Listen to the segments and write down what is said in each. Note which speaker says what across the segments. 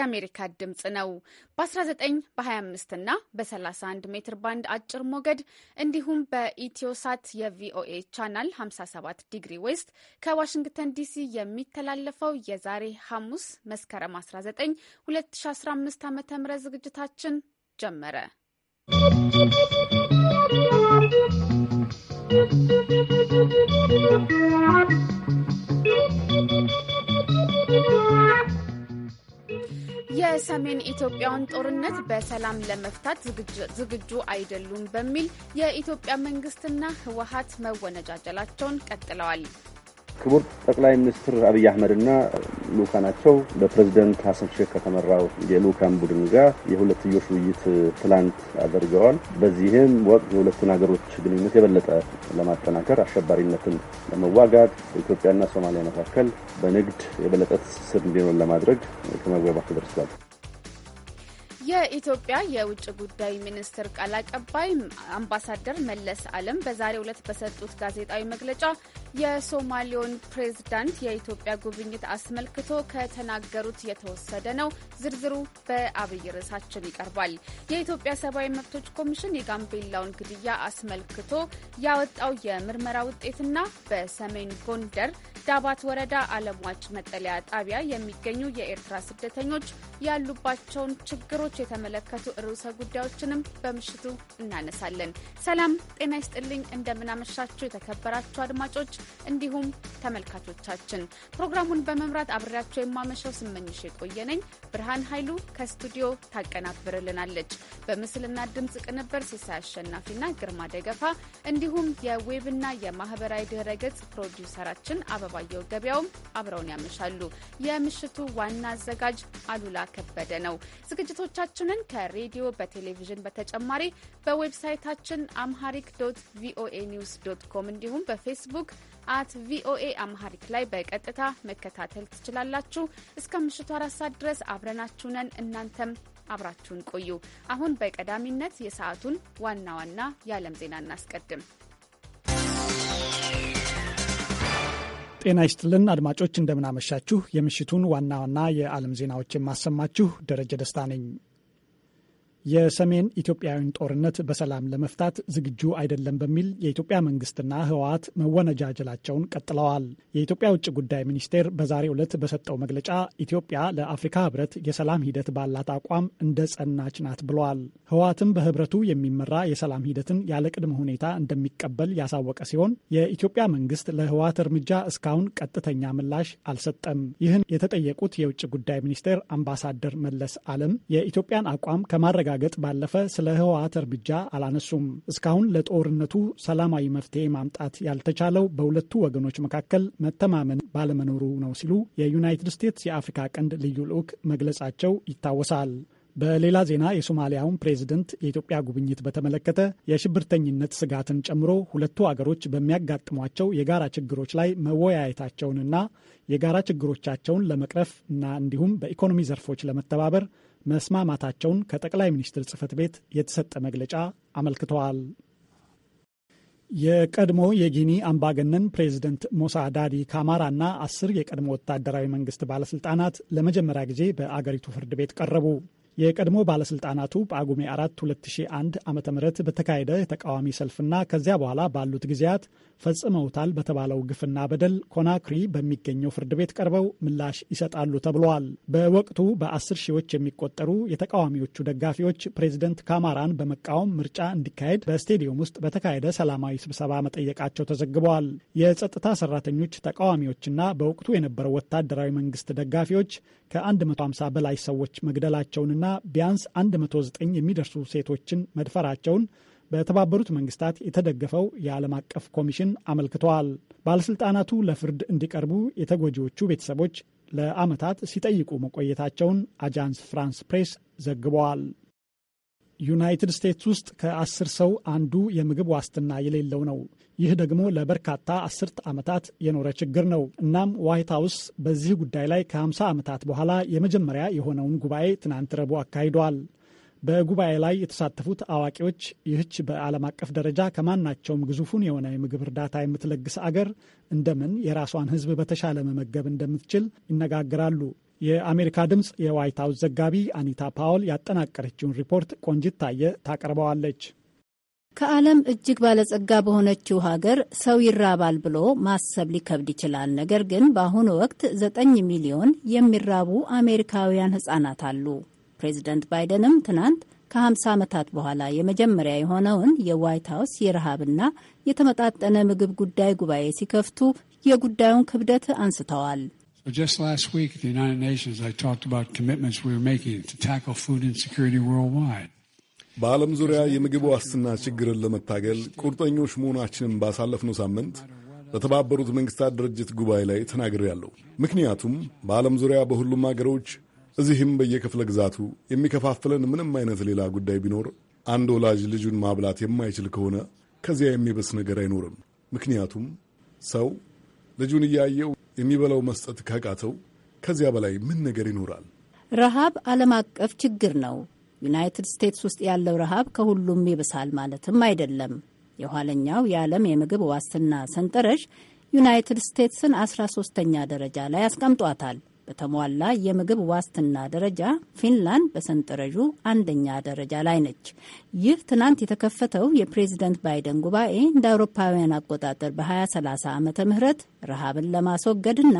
Speaker 1: የአሜሪካ ድምፅ ነው። በ19 በ25 እና በ31 ሜትር ባንድ አጭር ሞገድ እንዲሁም በኢትዮሳት የቪኦኤ ቻናል 57 ዲግሪ ዌስት ከዋሽንግተን ዲሲ የሚተላለፈው የዛሬ ሐሙስ መስከረም 19 2015 ዓ ም ዝግጅታችን ጀመረ። ¶¶ የሰሜን ኢትዮጵያውን ጦርነት በሰላም ለመፍታት ዝግጁ አይደሉም በሚል የኢትዮጵያ መንግስትና ህወሀት መወነጃጀላቸውን ቀጥለዋል።
Speaker 2: ክቡር ጠቅላይ ሚኒስትር አብይ አህመድና ልኡካናቸው በፕሬዚደንት ሀሰን ሼክ ከተመራው የልኡካን ቡድን ጋር የሁለትዮሽ ውይይት ትላንት አድርገዋል። በዚህም ወቅት የሁለቱን ሀገሮች ግንኙነት የበለጠ ለማጠናከር አሸባሪነትን ለመዋጋት በኢትዮጵያና ሶማሊያ መካከል በንግድ የበለጠ ትስስር እንዲኖር ለማድረግ ከመግባባት ተደርሷል።
Speaker 1: የኢትዮጵያ የውጭ ጉዳይ ሚኒስትር ቃል አቀባይ አምባሳደር መለስ አለም በዛሬው ዕለት በሰጡት ጋዜጣዊ መግለጫ የሶማሌውን ፕሬዝዳንት የኢትዮጵያ ጉብኝት አስመልክቶ ከተናገሩት የተወሰደ ነው። ዝርዝሩ በአብይ ርዕሳችን ይቀርባል። የኢትዮጵያ ሰብአዊ መብቶች ኮሚሽን የጋምቤላውን ግድያ አስመልክቶ ያወጣው የምርመራ ውጤትና በሰሜን ጎንደር ዳባት ወረዳ አለምዋጭ መጠለያ ጣቢያ የሚገኙ የኤርትራ ስደተኞች ያሉባቸውን ችግሮች የተመለከቱ ርዕሰ ጉዳዮችንም በምሽቱ እናነሳለን። ሰላም ጤና ይስጥልኝ። እንደምናመሻችሁ የተከበራችሁ አድማጮች እንዲሁም ተመልካቾቻችን። ፕሮግራሙን በመምራት አብሬያቸው የማመሸው ስመኝሽ የቆየ ነኝ። ብርሃን ኃይሉ ከስቱዲዮ ታቀናብርልናለች። በምስልና ድምፅ ቅንበር ሲሳይ አሸናፊና ግርማ ደገፋ እንዲሁም የዌብና የማህበራዊ ድህረ ገጽ ፕሮዲውሰራችን አበባየው ገበያውም አብረውን ያመሻሉ። የምሽቱ ዋና አዘጋጅ አሉላ ከበደ ነው። ዝግጅቶቻ ዝግጅቶቻችንን ከሬዲዮ በቴሌቪዥን በተጨማሪ በዌብሳይታችን አምሃሪክ ዶት ቪኦኤ ኒውስ ዶት ኮም እንዲሁም በፌስቡክ አት ቪኦኤ አምሃሪክ ላይ በቀጥታ መከታተል ትችላላችሁ። እስከ ምሽቱ አራት ሰዓት ድረስ አብረናችሁ ነን። እናንተም አብራችሁን ቆዩ። አሁን በቀዳሚነት የሰዓቱን ዋና ዋና የዓለም ዜና እናስቀድም።
Speaker 3: ጤና ይስጥልን አድማጮች፣ እንደምናመሻችሁ። የምሽቱን ዋና ዋና የዓለም ዜናዎች የማሰማችሁ ደረጀ ደስታ ነኝ። የሰሜን ኢትዮጵያውያን ጦርነት በሰላም ለመፍታት ዝግጁ አይደለም በሚል የኢትዮጵያ መንግስትና ህወሓት መወነጃጀላቸውን ቀጥለዋል። የኢትዮጵያ ውጭ ጉዳይ ሚኒስቴር በዛሬው ዕለት በሰጠው መግለጫ ኢትዮጵያ ለአፍሪካ ህብረት የሰላም ሂደት ባላት አቋም እንደ ጸናች ናት ብለዋል። ህወሓትም በህብረቱ የሚመራ የሰላም ሂደትን ያለ ቅድመ ሁኔታ እንደሚቀበል ያሳወቀ ሲሆን የኢትዮጵያ መንግስት ለህወሓት እርምጃ እስካሁን ቀጥተኛ ምላሽ አልሰጠም። ይህን የተጠየቁት የውጭ ጉዳይ ሚኒስቴር አምባሳደር መለስ አለም የኢትዮጵያን አቋም ከማረጋ ከማረጋገጥ ባለፈ ስለ ህወሓት እርምጃ አላነሱም። እስካሁን ለጦርነቱ ሰላማዊ መፍትሄ ማምጣት ያልተቻለው በሁለቱ ወገኖች መካከል መተማመን ባለመኖሩ ነው ሲሉ የዩናይትድ ስቴትስ የአፍሪካ ቀንድ ልዩ ልዑክ መግለጻቸው ይታወሳል። በሌላ ዜና የሶማሊያውን ፕሬዝደንት የኢትዮጵያ ጉብኝት በተመለከተ የሽብርተኝነት ስጋትን ጨምሮ ሁለቱ አገሮች በሚያጋጥሟቸው የጋራ ችግሮች ላይ መወያየታቸውንና የጋራ ችግሮቻቸውን ለመቅረፍ እና እንዲሁም በኢኮኖሚ ዘርፎች ለመተባበር መስማማታቸውን ከጠቅላይ ሚኒስትር ጽህፈት ቤት የተሰጠ መግለጫ አመልክተዋል። የቀድሞ የጊኒ አምባገነን ፕሬዚደንት ሞሳ ዳዲ ካማራ እና አስር የቀድሞ ወታደራዊ መንግስት ባለስልጣናት ለመጀመሪያ ጊዜ በአገሪቱ ፍርድ ቤት ቀረቡ። የቀድሞ ባለስልጣናቱ በአጉሜ 4 2001 ዓ ም በተካሄደ የተቃዋሚ ሰልፍና ከዚያ በኋላ ባሉት ጊዜያት ፈጽመውታል በተባለው ግፍና በደል ኮናክሪ በሚገኘው ፍርድ ቤት ቀርበው ምላሽ ይሰጣሉ ተብለዋል። በወቅቱ በአስር ሺዎች የሚቆጠሩ የተቃዋሚዎቹ ደጋፊዎች ፕሬዚደንት ካማራን በመቃወም ምርጫ እንዲካሄድ በስቴዲየም ውስጥ በተካሄደ ሰላማዊ ስብሰባ መጠየቃቸው ተዘግበዋል። የጸጥታ ሰራተኞች፣ ተቃዋሚዎችና በወቅቱ የነበረው ወታደራዊ መንግስት ደጋፊዎች ከ150 በላይ ሰዎች መግደላቸውንና ቢያንስ 109 የሚደርሱ ሴቶችን መድፈራቸውን በተባበሩት መንግስታት የተደገፈው የዓለም አቀፍ ኮሚሽን አመልክተዋል። ባለሥልጣናቱ ለፍርድ እንዲቀርቡ የተጎጂዎቹ ቤተሰቦች ለዓመታት ሲጠይቁ መቆየታቸውን አጃንስ ፍራንስ ፕሬስ ዘግበዋል። ዩናይትድ ስቴትስ ውስጥ ከአስር ሰው አንዱ የምግብ ዋስትና የሌለው ነው። ይህ ደግሞ ለበርካታ አስርት ዓመታት የኖረ ችግር ነው። እናም ዋይት ሀውስ በዚህ ጉዳይ ላይ ከ50 ዓመታት በኋላ የመጀመሪያ የሆነውን ጉባኤ ትናንት ረቡዕ አካሂዷል። በጉባኤ ላይ የተሳተፉት አዋቂዎች ይህች በዓለም አቀፍ ደረጃ ከማናቸውም ግዙፉን የሆነ የምግብ እርዳታ የምትለግስ አገር እንደምን የራሷን ሕዝብ በተሻለ መመገብ እንደምትችል ይነጋገራሉ። የአሜሪካ ድምፅ የዋይት ሀውስ ዘጋቢ አኒታ ፓውል ያጠናቀረችውን ሪፖርት ቆንጅት ታየ ታቀርበዋለች።
Speaker 4: ከዓለም እጅግ ባለጸጋ በሆነችው ሀገር ሰው ይራባል ብሎ ማሰብ ሊከብድ ይችላል። ነገር ግን በአሁኑ ወቅት ዘጠኝ ሚሊዮን የሚራቡ አሜሪካውያን ህጻናት አሉ። ፕሬዚደንት ባይደንም ትናንት ከ50 ዓመታት በኋላ የመጀመሪያ የሆነውን የዋይት ሀውስ የረሃብና የተመጣጠነ ምግብ ጉዳይ ጉባኤ ሲከፍቱ የጉዳዩን ክብደት አንስተዋል።
Speaker 1: But just last week at the United Nations, I talked about commitments we were making to tackle food insecurity
Speaker 5: worldwide. በዓለም ዙሪያ የምግብ ዋስትና ችግርን ለመታገል ቁርጠኞች መሆናችንን ባሳለፍነው ሳምንት በተባበሩት መንግስታት ድርጅት ጉባኤ ላይ ተናግሬያለሁ። ምክንያቱም በዓለም ዙሪያ በሁሉም አገሮች እዚህም በየክፍለ ግዛቱ የሚከፋፍለን ምንም አይነት ሌላ ጉዳይ ቢኖር አንድ ወላጅ ልጁን ማብላት የማይችል ከሆነ ከዚያ የሚበስ ነገር አይኖርም። ምክንያቱም ሰው ልጁን እያየው የሚበላው መስጠት ካቃተው ከዚያ በላይ ምን ነገር ይኖራል?
Speaker 4: ረሃብ ዓለም አቀፍ ችግር ነው። ዩናይትድ ስቴትስ ውስጥ ያለው ረሃብ ከሁሉም ይብሳል ማለትም አይደለም። የኋለኛው የዓለም የምግብ ዋስትና ሰንጠረዥ ዩናይትድ ስቴትስን 13ተኛ ደረጃ ላይ አስቀምጧታል። በተሟላ የምግብ ዋስትና ደረጃ ፊንላንድ በሰንጠረዡ አንደኛ ደረጃ ላይ ነች። ይህ ትናንት የተከፈተው የፕሬዝደንት ባይደን ጉባኤ እንደ አውሮፓውያን አቆጣጠር በ2030 ዓመተ ምህረት ረሃብን ለማስወገድና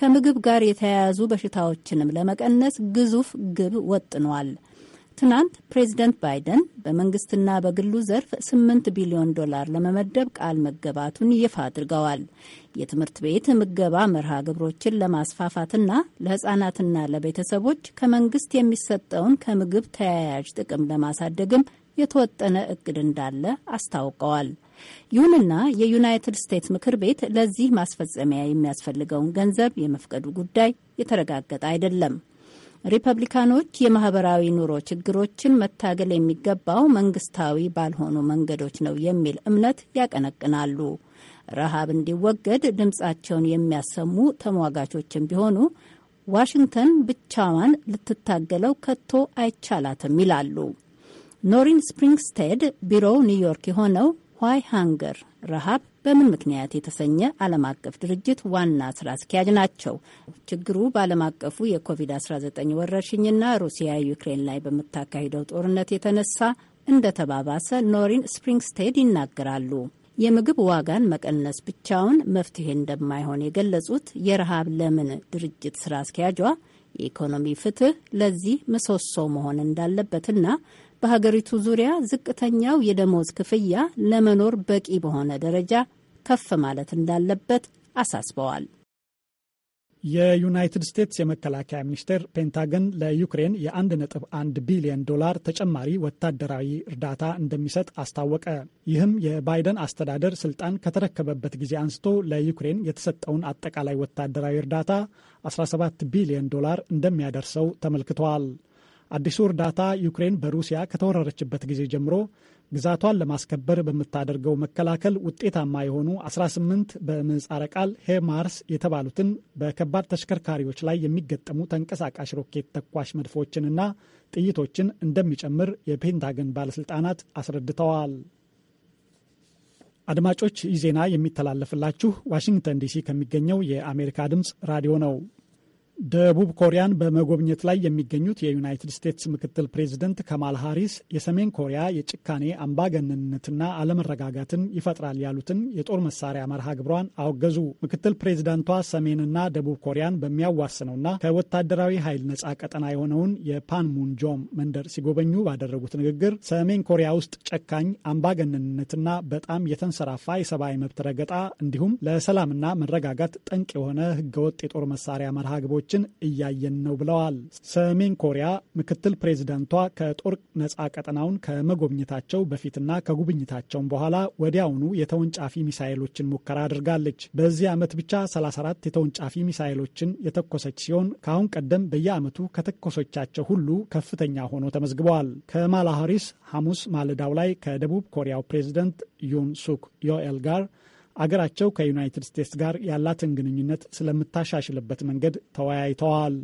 Speaker 4: ከምግብ ጋር የተያያዙ በሽታዎችንም ለመቀነስ ግዙፍ ግብ ወጥኗል። ትናንት ፕሬዚደንት ባይደን በመንግስትና በግሉ ዘርፍ 8 ቢሊዮን ዶላር ለመመደብ ቃል መገባቱን ይፋ አድርገዋል። የትምህርት ቤት ምገባ መርሃ ግብሮችን ለማስፋፋትና ለህጻናትና ለቤተሰቦች ከመንግስት የሚሰጠውን ከምግብ ተያያዥ ጥቅም ለማሳደግም የተወጠነ እቅድ እንዳለ አስታውቀዋል። ይሁንና የዩናይትድ ስቴትስ ምክር ቤት ለዚህ ማስፈጸሚያ የሚያስፈልገውን ገንዘብ የመፍቀዱ ጉዳይ የተረጋገጠ አይደለም። ሪፐብሊካኖች የማህበራዊ ኑሮ ችግሮችን መታገል የሚገባው መንግስታዊ ባልሆኑ መንገዶች ነው የሚል እምነት ያቀነቅናሉ። ረሃብ እንዲወገድ ድምፃቸውን የሚያሰሙ ተሟጋቾችም ቢሆኑ ዋሽንግተን ብቻዋን ልትታገለው ከቶ አይቻላትም ይላሉ። ኖሪን ስፕሪንግስቴድ ቢሮው ኒውዮርክ የሆነው ዋይ ሃንገር ረሃብ በምን ምክንያት የተሰኘ ዓለም አቀፍ ድርጅት ዋና ስራ አስኪያጅ ናቸው። ችግሩ በዓለም አቀፉ የኮቪድ-19 ወረርሽኝና ሩሲያ ዩክሬን ላይ በምታካሂደው ጦርነት የተነሳ እንደተባባሰ ኖሪን ስፕሪንግስቴድ ይናገራሉ። የምግብ ዋጋን መቀነስ ብቻውን መፍትሄ እንደማይሆን የገለጹት የረሃብ ለምን ድርጅት ስራ አስኪያጇ የኢኮኖሚ ፍትህ ለዚህ ምሰሶ መሆን እንዳለበትና በሀገሪቱ ዙሪያ ዝቅተኛው የደሞዝ ክፍያ ለመኖር በቂ በሆነ ደረጃ ከፍ ማለት እንዳለበት አሳስበዋል።
Speaker 3: የዩናይትድ ስቴትስ የመከላከያ ሚኒስቴር ፔንታገን ለዩክሬን የ1.1 ቢሊዮን ዶላር ተጨማሪ ወታደራዊ እርዳታ እንደሚሰጥ አስታወቀ። ይህም የባይደን አስተዳደር ስልጣን ከተረከበበት ጊዜ አንስቶ ለዩክሬን የተሰጠውን አጠቃላይ ወታደራዊ እርዳታ 17 ቢሊዮን ዶላር እንደሚያደርሰው ተመልክቷል። አዲሱ እርዳታ ዩክሬን በሩሲያ ከተወረረችበት ጊዜ ጀምሮ ግዛቷን ለማስከበር በምታደርገው መከላከል ውጤታማ የሆኑ 18 በምህጻረ ቃል ሄማርስ የተባሉትን በከባድ ተሽከርካሪዎች ላይ የሚገጠሙ ተንቀሳቃሽ ሮኬት ተኳሽ መድፎችንና ጥይቶችን እንደሚጨምር የፔንታገን ባለሥልጣናት አስረድተዋል። አድማጮች ይህ ዜና የሚተላለፍላችሁ ዋሽንግተን ዲሲ ከሚገኘው የአሜሪካ ድምፅ ራዲዮ ነው። ደቡብ ኮሪያን በመጎብኘት ላይ የሚገኙት የዩናይትድ ስቴትስ ምክትል ፕሬዚደንት ከማል ሃሪስ የሰሜን ኮሪያ የጭካኔ አምባገነንነትና አለመረጋጋትን ይፈጥራል ያሉትን የጦር መሳሪያ መርሃ ግብሯን አወገዙ። ምክትል ፕሬዚዳንቷ ሰሜንና ደቡብ ኮሪያን በሚያዋስነውና ከወታደራዊ ኃይል ነጻ ቀጠና የሆነውን የፓንሙንጆም መንደር ሲጎበኙ ባደረጉት ንግግር ሰሜን ኮሪያ ውስጥ ጨካኝ አምባገነንነትና በጣም የተንሰራፋ የሰብአዊ መብት ረገጣ እንዲሁም ለሰላምና መረጋጋት ጠንቅ የሆነ ህገወጥ የጦር መሳሪያ መርሃ ግቦች ሁኔታዎችን እያየን ነው ብለዋል። ሰሜን ኮሪያ ምክትል ፕሬዚደንቷ ከጦር ነጻ ቀጠናውን ከመጎብኘታቸው በፊትና ከጉብኝታቸውን በኋላ ወዲያውኑ የተወንጫፊ ሚሳይሎችን ሙከራ አድርጋለች። በዚህ ዓመት ብቻ 34 የተወንጫፊ ሚሳይሎችን የተኮሰች ሲሆን ከአሁን ቀደም በየዓመቱ ከተኮሶቻቸው ሁሉ ከፍተኛ ሆኖ ተመዝግበዋል። ከማላ ሃሪስ ሐሙስ ማለዳው ላይ ከደቡብ ኮሪያው ፕሬዚደንት ዩን ሱክ ዮኤል ጋር አገራቸው ከዩናይትድ ስቴትስ ጋር ያላትን ግንኙነት ስለምታሻሽልበት መንገድ ተወያይተዋል።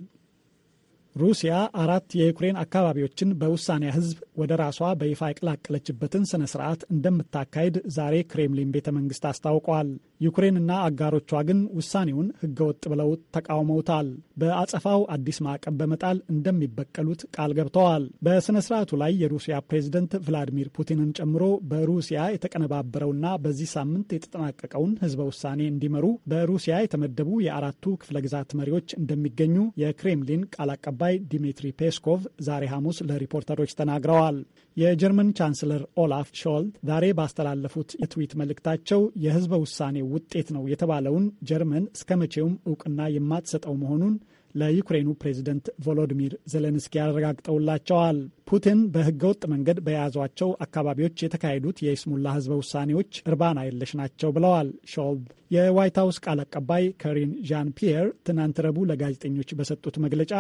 Speaker 3: ሩሲያ አራት የዩክሬን አካባቢዎችን በውሳኔ ህዝብ ወደ ራሷ በይፋ የቀላቀለችበትን ስነ ስርዓት እንደምታካሄድ ዛሬ ክሬምሊን ቤተ መንግስት አስታውቋል። ዩክሬንና አጋሮቿ ግን ውሳኔውን ህገወጥ ብለው ተቃውመውታል። በአጸፋው አዲስ ማዕቀብ በመጣል እንደሚበቀሉት ቃል ገብተዋል። በስነ ስርዓቱ ላይ የሩሲያ ፕሬዝደንት ቭላዲሚር ፑቲንን ጨምሮ በሩሲያ የተቀነባበረውና በዚህ ሳምንት የተጠናቀቀውን ህዝበ ውሳኔ እንዲመሩ በሩሲያ የተመደቡ የአራቱ ክፍለ ግዛት መሪዎች እንደሚገኙ የክሬምሊን ቃል አቀባይ አቀባይ ዲሚትሪ ፔስኮቭ ዛሬ ሐሙስ ለሪፖርተሮች ተናግረዋል። የጀርመን ቻንስለር ኦላፍ ሾልት ዛሬ ባስተላለፉት የትዊት መልእክታቸው የህዝበ ውሳኔ ውጤት ነው የተባለውን ጀርመን እስከ መቼውም እውቅና የማትሰጠው መሆኑን ለዩክሬኑ ፕሬዝደንት ቮሎዲሚር ዜሌንስኪ ያረጋግጠውላቸዋል። ፑቲን በህገወጥ መንገድ በያዟቸው አካባቢዎች የተካሄዱት የይስሙላ ህዝበ ውሳኔዎች እርባና የለሽ ናቸው ብለዋል ሾልድ። የዋይት ሀውስ ቃል አቀባይ ከሪን ዣን ፒየር ትናንት ረቡዕ ለጋዜጠኞች በሰጡት መግለጫ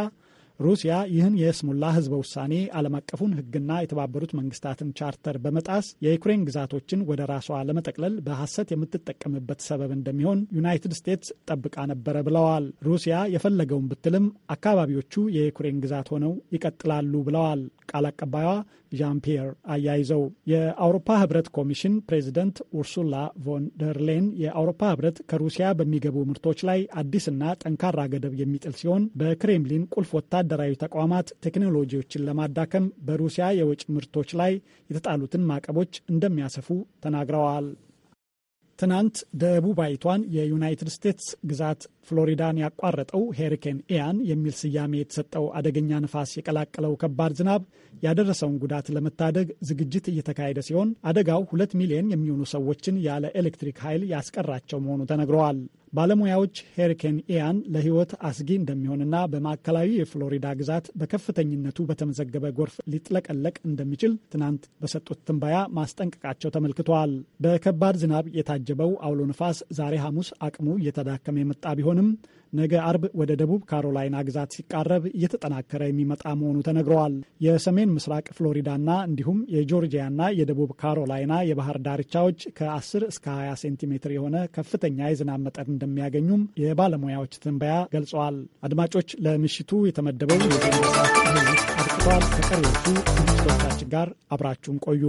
Speaker 3: ሩሲያ ይህን የስሙላ ህዝበ ውሳኔ ዓለም አቀፉን ህግና የተባበሩት መንግስታትን ቻርተር በመጣስ የዩክሬን ግዛቶችን ወደ ራሷ ለመጠቅለል በሐሰት የምትጠቀምበት ሰበብ እንደሚሆን ዩናይትድ ስቴትስ ጠብቃ ነበረ ብለዋል። ሩሲያ የፈለገውን ብትልም አካባቢዎቹ የዩክሬን ግዛት ሆነው ይቀጥላሉ ብለዋል ቃል አቀባይዋ ዣምፒየር አያይዘው የአውሮፓ ህብረት ኮሚሽን ፕሬዚደንት ኡርሱላ ቮን ደርሌን የአውሮፓ ህብረት ከሩሲያ በሚገቡ ምርቶች ላይ አዲስና ጠንካራ ገደብ የሚጥል ሲሆን በክሬምሊን ቁልፍ ወታ ወታደራዊ ተቋማት ቴክኖሎጂዎችን ለማዳከም በሩሲያ የውጭ ምርቶች ላይ የተጣሉትን ማዕቀቦች እንደሚያሰፉ ተናግረዋል። ትናንት ደቡባዊቷን የዩናይትድ ስቴትስ ግዛት ፍሎሪዳን ያቋረጠው ሄሪኬን ኢያን የሚል ስያሜ የተሰጠው አደገኛ ነፋስ የቀላቀለው ከባድ ዝናብ ያደረሰውን ጉዳት ለመታደግ ዝግጅት እየተካሄደ ሲሆን አደጋው ሁለት ሚሊዮን የሚሆኑ ሰዎችን ያለ ኤሌክትሪክ ኃይል ያስቀራቸው መሆኑ ተነግረዋል። ባለሙያዎች ሄሪኬን ኢያን ለሕይወት አስጊ እንደሚሆንና በማዕከላዊ የፍሎሪዳ ግዛት በከፍተኝነቱ በተመዘገበ ጎርፍ ሊጥለቀለቅ እንደሚችል ትናንት በሰጡት ትንባያ ማስጠንቀቃቸው ተመልክተዋል። በከባድ ዝናብ የታጀበው አውሎ ነፋስ ዛሬ ሐሙስ አቅሙ እየተዳከመ የመጣ ቢሆንም ነገ አርብ ወደ ደቡብ ካሮላይና ግዛት ሲቃረብ እየተጠናከረ የሚመጣ መሆኑ ተነግረዋል። የሰሜን ምስራቅ ፍሎሪዳና እንዲሁም የጆርጂያና የደቡብ ካሮላይና የባህር ዳርቻዎች ከ10 እስከ 20 ሴንቲሜትር የሆነ ከፍተኛ የዝናብ መጠን እንደሚያገኙም የባለሙያዎች ትንበያ ገልጸዋል። አድማጮች ለምሽቱ የተመደበው የዜናሳት አብቅተዋል። ከቀሪዎቹ ዝግጅቶቻችን ጋር አብራችሁን ቆዩ።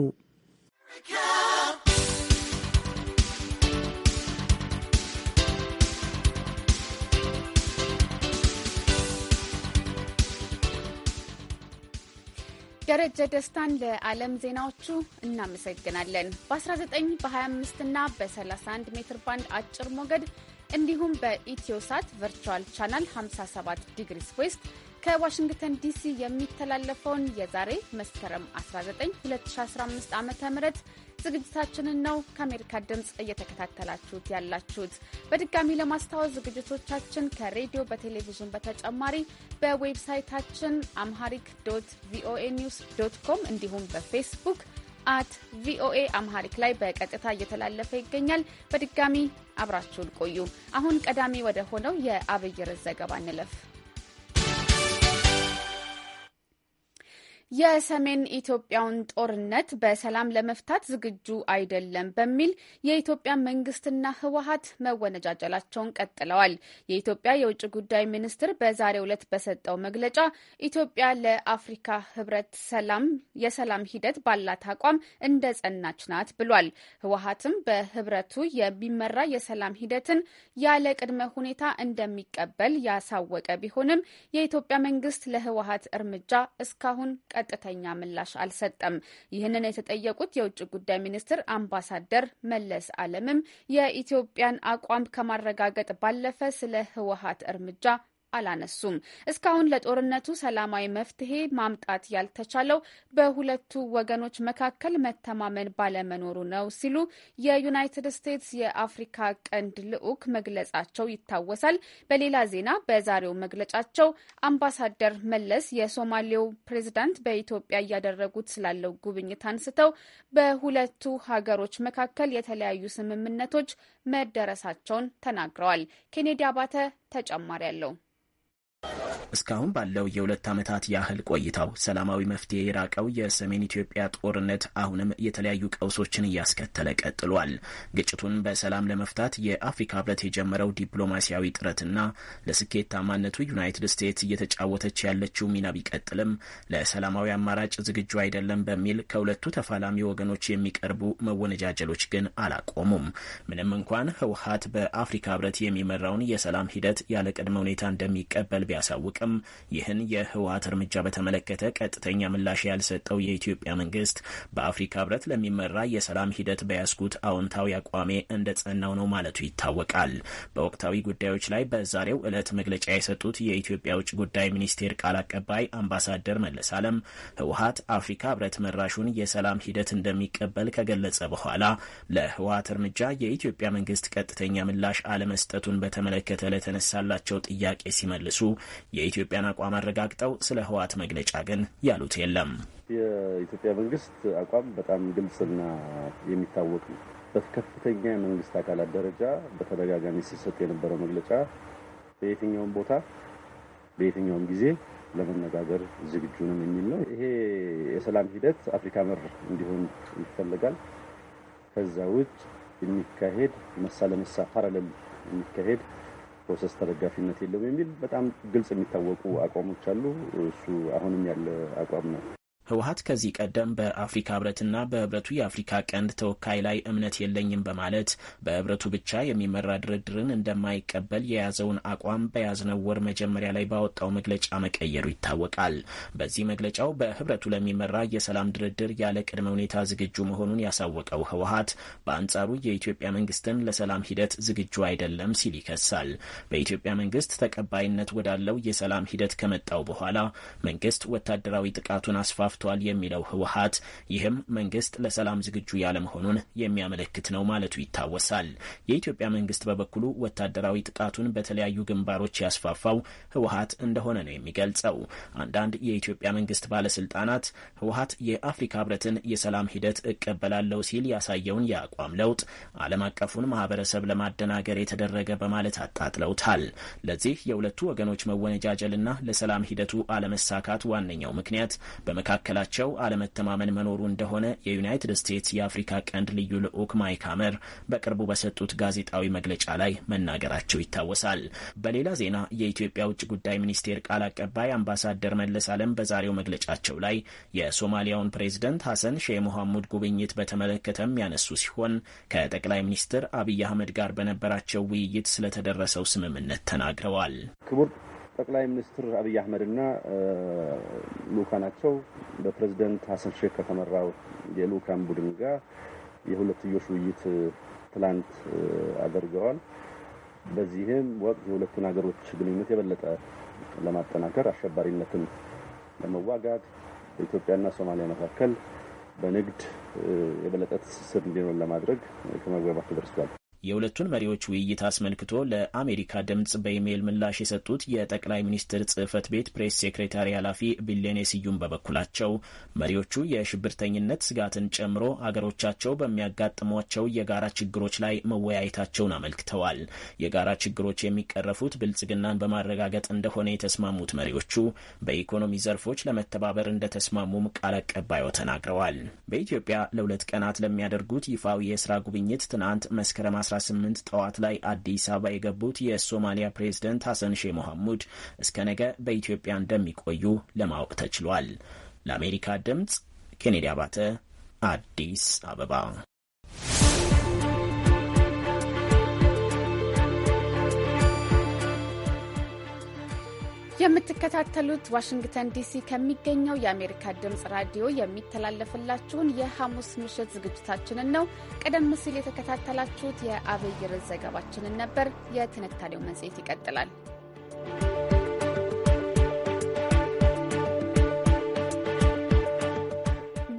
Speaker 1: ደረጀ ደስታን ለዓለም ዜናዎቹ እናመሰግናለን። በ19 በ25 እና በ31 ሜትር ባንድ አጭር ሞገድ እንዲሁም በኢትዮሳት ቨርቹዋል ቻናል 57 ዲግሪስ ዌስት ከዋሽንግተን ዲሲ የሚተላለፈውን የዛሬ መስከረም 19 2015 ዓ ም ዝግጅታችንን ነው ከአሜሪካ ድምፅ እየተከታተላችሁት ያላችሁት። በድጋሚ ለማስታወስ ዝግጅቶቻችን ከሬዲዮ በቴሌቪዥን በተጨማሪ በዌብሳይታችን አምሃሪክ ዶት ቪኦኤ ኒውስ ዶት ኮም እንዲሁም በፌስቡክ አት ቪኦኤ አምሃሪክ ላይ በቀጥታ እየተላለፈ ይገኛል። በድጋሚ አብራችሁን ቆዩ። አሁን ቀዳሚ ወደ ሆነው የአብይር ዘገባ እንለፍ። የሰሜን ኢትዮጵያውን ጦርነት በሰላም ለመፍታት ዝግጁ አይደለም በሚል የኢትዮጵያ መንግስትና ህወሀት መወነጃጀላቸውን ቀጥለዋል። የኢትዮጵያ የውጭ ጉዳይ ሚኒስትር በዛሬው ዕለት በሰጠው መግለጫ ኢትዮጵያ ለአፍሪካ ህብረት ሰላም የሰላም ሂደት ባላት አቋም እንደ ጸናች ናት ብሏል። ህወሀትም በህብረቱ የሚመራ የሰላም ሂደትን ያለ ቅድመ ሁኔታ እንደሚቀበል ያሳወቀ ቢሆንም የኢትዮጵያ መንግስት ለህወሀት እርምጃ እስካሁን ቀ ቀጥተኛ ምላሽ አልሰጠም። ይህንን የተጠየቁት የውጭ ጉዳይ ሚኒስትር አምባሳደር መለስ አለምም የኢትዮጵያን አቋም ከማረጋገጥ ባለፈ ስለ ህወሀት እርምጃ አላነሱም። እስካሁን ለጦርነቱ ሰላማዊ መፍትሄ ማምጣት ያልተቻለው በሁለቱ ወገኖች መካከል መተማመን ባለመኖሩ ነው ሲሉ የዩናይትድ ስቴትስ የአፍሪካ ቀንድ ልዑክ መግለጻቸው ይታወሳል። በሌላ ዜና በዛሬው መግለጫቸው አምባሳደር መለስ የሶማሌው ፕሬዝዳንት በኢትዮጵያ እያደረጉት ስላለው ጉብኝት አንስተው በሁለቱ ሀገሮች መካከል የተለያዩ ስምምነቶች መደረሳቸውን ተናግረዋል። ኬኔዲ አባተ ተጨማሪ አለው።
Speaker 6: እስካሁን ባለው የሁለት ዓመታት ያህል ቆይታው ሰላማዊ መፍትሄ የራቀው የሰሜን ኢትዮጵያ ጦርነት አሁንም የተለያዩ ቀውሶችን እያስከተለ ቀጥሏል። ግጭቱን በሰላም ለመፍታት የአፍሪካ ሕብረት የጀመረው ዲፕሎማሲያዊ ጥረትና ለስኬታማነቱ ዩናይትድ ስቴትስ እየተጫወተች ያለችው ሚና ቢቀጥልም ለሰላማዊ አማራጭ ዝግጁ አይደለም በሚል ከሁለቱ ተፋላሚ ወገኖች የሚቀርቡ መወነጃጀሎች ግን አላቆሙም። ምንም እንኳን ህወሀት በአፍሪካ ሕብረት የሚመራውን የሰላም ሂደት ያለ ቅድመ ሁኔታ እንደሚቀበል ቢያሳውቅም ይህን የህወሀት እርምጃ በተመለከተ ቀጥተኛ ምላሽ ያልሰጠው የኢትዮጵያ መንግስት በአፍሪካ ህብረት ለሚመራ የሰላም ሂደት በያዝኩት አዎንታዊ አቋሜ እንደጸናው ነው ማለቱ ይታወቃል። በወቅታዊ ጉዳዮች ላይ በዛሬው ዕለት መግለጫ የሰጡት የኢትዮጵያ ውጭ ጉዳይ ሚኒስቴር ቃል አቀባይ አምባሳደር መለስ አለም ህወሀት አፍሪካ ህብረት መራሹን የሰላም ሂደት እንደሚቀበል ከገለጸ በኋላ ለህወሀት እርምጃ የኢትዮጵያ መንግስት ቀጥተኛ ምላሽ አለመስጠቱን በተመለከተ ለተነሳላቸው ጥያቄ ሲመልሱ የኢትዮጵያን አቋም አረጋግጠው ስለ ህወሓት መግለጫ ግን ያሉት የለም።
Speaker 2: የኢትዮጵያ መንግስት አቋም በጣም ግልጽና የሚታወቅ ነው። በከፍተኛ የመንግስት አካላት ደረጃ በተደጋጋሚ ሲሰጥ የነበረው መግለጫ በየትኛውም ቦታ በየትኛውም ጊዜ ለመነጋገር ዝግጁ ነው የሚል ነው። ይሄ የሰላም ሂደት አፍሪካ መር እንዲሆን ይፈለጋል። ከዛ ውጭ የሚካሄድ መሳ ለመሳ ፓራለል የሚካሄድ ፕሮሰስ ተደጋፊነት የለውም የሚል በጣም ግልጽ የሚታወቁ አቋሞች አሉ። እሱ አሁንም ያለ አቋም ነው።
Speaker 6: ህወሀት ከዚህ ቀደም በአፍሪካ ህብረትና በህብረቱ የአፍሪካ ቀንድ ተወካይ ላይ እምነት የለኝም በማለት በህብረቱ ብቻ የሚመራ ድርድርን እንደማይቀበል የያዘውን አቋም በያዝነው ወር መጀመሪያ ላይ ባወጣው መግለጫ መቀየሩ ይታወቃል። በዚህ መግለጫው በህብረቱ ለሚመራ የሰላም ድርድር ያለ ቅድመ ሁኔታ ዝግጁ መሆኑን ያሳወቀው ህወሀት በአንጻሩ የኢትዮጵያ መንግስትን ለሰላም ሂደት ዝግጁ አይደለም ሲል ይከሳል። በኢትዮጵያ መንግስት ተቀባይነት ወዳለው የሰላም ሂደት ከመጣው በኋላ መንግስት ወታደራዊ ጥቃቱን አስፋፍ ተስፋፍቷል የሚለው ህወሀት ይህም መንግስት ለሰላም ዝግጁ ያለመሆኑን የሚያመለክት ነው ማለቱ ይታወሳል። የኢትዮጵያ መንግስት በበኩሉ ወታደራዊ ጥቃቱን በተለያዩ ግንባሮች ያስፋፋው ህወሀት እንደሆነ ነው የሚገልጸው። አንዳንድ የኢትዮጵያ መንግስት ባለስልጣናት ህወሀት የአፍሪካ ህብረትን የሰላም ሂደት እቀበላለሁ ሲል ያሳየውን የአቋም ለውጥ ዓለም አቀፉን ማህበረሰብ ለማደናገር የተደረገ በማለት አጣጥለውታል። ለዚህ የሁለቱ ወገኖች መወነጃጀልና ለሰላም ሂደቱ አለመሳካት ዋነኛው ምክንያት በመካከል በመካከላቸው አለመተማመን መኖሩ እንደሆነ የዩናይትድ ስቴትስ የአፍሪካ ቀንድ ልዩ ልዑክ ማይክ ሀመር በቅርቡ በሰጡት ጋዜጣዊ መግለጫ ላይ መናገራቸው ይታወሳል። በሌላ ዜና የኢትዮጵያ ውጭ ጉዳይ ሚኒስቴር ቃል አቀባይ አምባሳደር መለስ አለም በዛሬው መግለጫቸው ላይ የሶማሊያውን ፕሬዝደንት ሐሰን ሼህ ሙሐሙድ ጉብኝት በተመለከተም ያነሱ ሲሆን ከጠቅላይ ሚኒስትር አብይ አህመድ ጋር በነበራቸው ውይይት ስለተደረሰው ስምምነት ተናግረዋል።
Speaker 2: ክቡር ጠቅላይ ሚኒስትር አብይ አህመድና ልኡካናቸው በፕሬዚደንት ሀሰን ሼክ ከተመራው የልኡካን ቡድን ጋር የሁለትዮሽ ውይይት ትላንት አድርገዋል። በዚህም ወቅት የሁለቱን ሀገሮች ግንኙነት የበለጠ ለማጠናከር አሸባሪነትን ለመዋጋት በኢትዮጵያና ሶማሊያ መካከል በንግድ የበለጠ ትስስር እንዲኖር ለማድረግ ከመግባባት ተደርሷል።
Speaker 6: የሁለቱን መሪዎች ውይይት አስመልክቶ ለአሜሪካ ድምጽ በኢሜይል ምላሽ የሰጡት የጠቅላይ ሚኒስትር ጽህፈት ቤት ፕሬስ ሴክሬታሪ ኃላፊ ቢሌኔ ስዩም በበኩላቸው መሪዎቹ የሽብርተኝነት ስጋትን ጨምሮ አገሮቻቸው በሚያጋጥሟቸው የጋራ ችግሮች ላይ መወያየታቸውን አመልክተዋል። የጋራ ችግሮች የሚቀረፉት ብልጽግናን በማረጋገጥ እንደሆነ የተስማሙት መሪዎቹ በኢኮኖሚ ዘርፎች ለመተባበር እንደተስማሙም ቃል አቀባዩ ተናግረዋል። በኢትዮጵያ ለሁለት ቀናት ለሚያደርጉት ይፋዊ የስራ ጉብኝት ትናንት መስከረም 18 ጠዋት ላይ አዲስ አበባ የገቡት የሶማሊያ ፕሬዝደንት ሐሰን ሼህ ሞሐሙድ እስከ ነገ በኢትዮጵያ እንደሚቆዩ ለማወቅ ተችሏል። ለአሜሪካ ድምፅ ኬኔዲ አባተ አዲስ አበባ
Speaker 1: የምትከታተሉት ዋሽንግተን ዲሲ ከሚገኘው የአሜሪካ ድምፅ ራዲዮ የሚተላለፍላችሁን የሐሙስ ምሽት ዝግጅታችንን ነው። ቀደም ሲል የተከታተላችሁት የአብይር ዘገባችንን ነበር። የትንታኔው መጽሔት ይቀጥላል።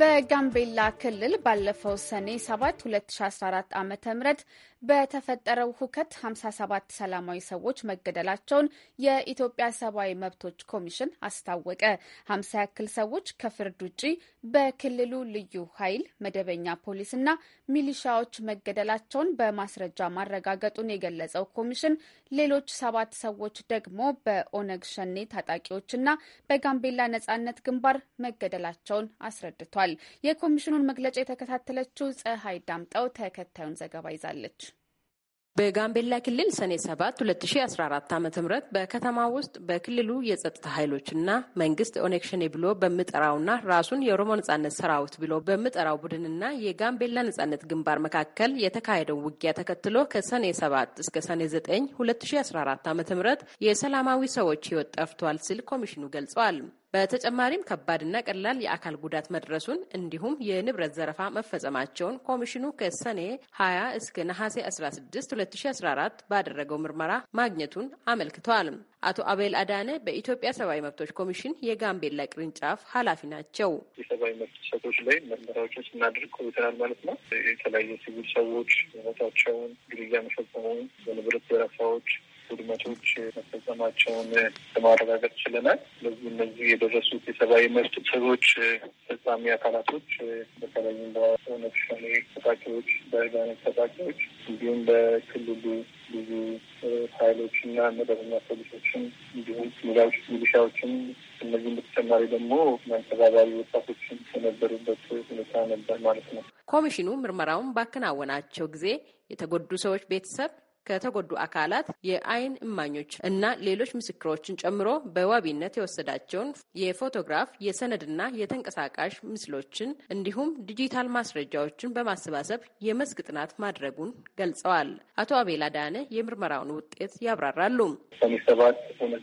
Speaker 1: በጋምቤላ ክልል ባለፈው ሰኔ 7 2014 ዓ ም በተፈጠረው ሁከት 57 ሰላማዊ ሰዎች መገደላቸውን የኢትዮጵያ ሰብአዊ መብቶች ኮሚሽን አስታወቀ። 50 ያክል ሰዎች ከፍርድ ውጪ በክልሉ ልዩ ኃይል መደበኛ ፖሊስና ሚሊሻዎች መገደላቸውን በማስረጃ ማረጋገጡን የገለጸው ኮሚሽን ሌሎች ሰባት ሰዎች ደግሞ በኦነግ ሸኔ ታጣቂዎችና በጋምቤላ ነጻነት ግንባር መገደላቸውን አስረድቷል። ተገኝተዋል። የኮሚሽኑን መግለጫ የተከታተለችው ፀሐይ ዳምጠው ተከታዩን ዘገባ ይዛለች።
Speaker 7: በጋምቤላ ክልል ሰኔ 7 2014 ዓ ም በከተማ ውስጥ በክልሉ የጸጥታ ኃይሎችና መንግስት ኦነግ ሸኔ ብሎ በሚጠራውና ራሱን የኦሮሞ ነጻነት ሰራዊት ብሎ በሚጠራው ቡድንና የጋምቤላ ነጻነት ግንባር መካከል የተካሄደው ውጊያ ተከትሎ ከሰኔ 7 እስከ ሰኔ 9 2014 ዓ ም የሰላማዊ ሰዎች ህይወት ጠፍቷል ሲል ኮሚሽኑ ገልጸዋል። በተጨማሪም ከባድና ቀላል የአካል ጉዳት መድረሱን እንዲሁም የንብረት ዘረፋ መፈጸማቸውን ኮሚሽኑ ከሰኔ 20 እስከ ነሐሴ 16 2014 ባደረገው ምርመራ ማግኘቱን አመልክተዋል። አቶ አቤል አዳነ በኢትዮጵያ ሰብአዊ መብቶች ኮሚሽን የጋምቤላ ቅርንጫፍ ኃላፊ ናቸው።
Speaker 8: የሰብአዊ መብት ጥሰቶች ላይ ምርመራዎችን ስናደርግ ቆይተናል ማለት ነው። የተለያዩ ሲቪል ሰዎች መሞታቸውን፣ ግድያ መፈጸሙን፣ በንብረት ዘረፋዎች ውድመቶች መፈጸማቸውን ለማረጋገጥ ችለናል። ስለዚህ እነዚህ የደረሱት የሰብአዊ መብት ጥሰቶች ፈጻሚ አካላቶች በተለይም በኦነግ ሸኔ ታጣቂዎች፣ በህጋነት ታጣቂዎች እንዲሁም በክልሉ ብዙ ኃይሎች እና መደበኛ ፖሊሶችን እንዲሁም ሚላዎች ሚሊሻዎችን እነዚህም በተጨማሪ ደግሞ መንተባባሪ ወጣቶችን የነበሩበት ሁኔታ ነበር ማለት ነው።
Speaker 7: ኮሚሽኑ ምርመራውን ባከናወናቸው ጊዜ የተጎዱ ሰዎች ቤተሰብ ከተጎዱ አካላት የአይን እማኞች እና ሌሎች ምስክሮችን ጨምሮ በዋቢነት የወሰዳቸውን የፎቶግራፍ የሰነድና የተንቀሳቃሽ ምስሎችን እንዲሁም ዲጂታል ማስረጃዎችን በማሰባሰብ የመስክ ጥናት ማድረጉን ገልጸዋል። አቶ አቤላ ዳነ የምርመራውን ውጤት ያብራራሉ።
Speaker 8: ሰኔ ሰባት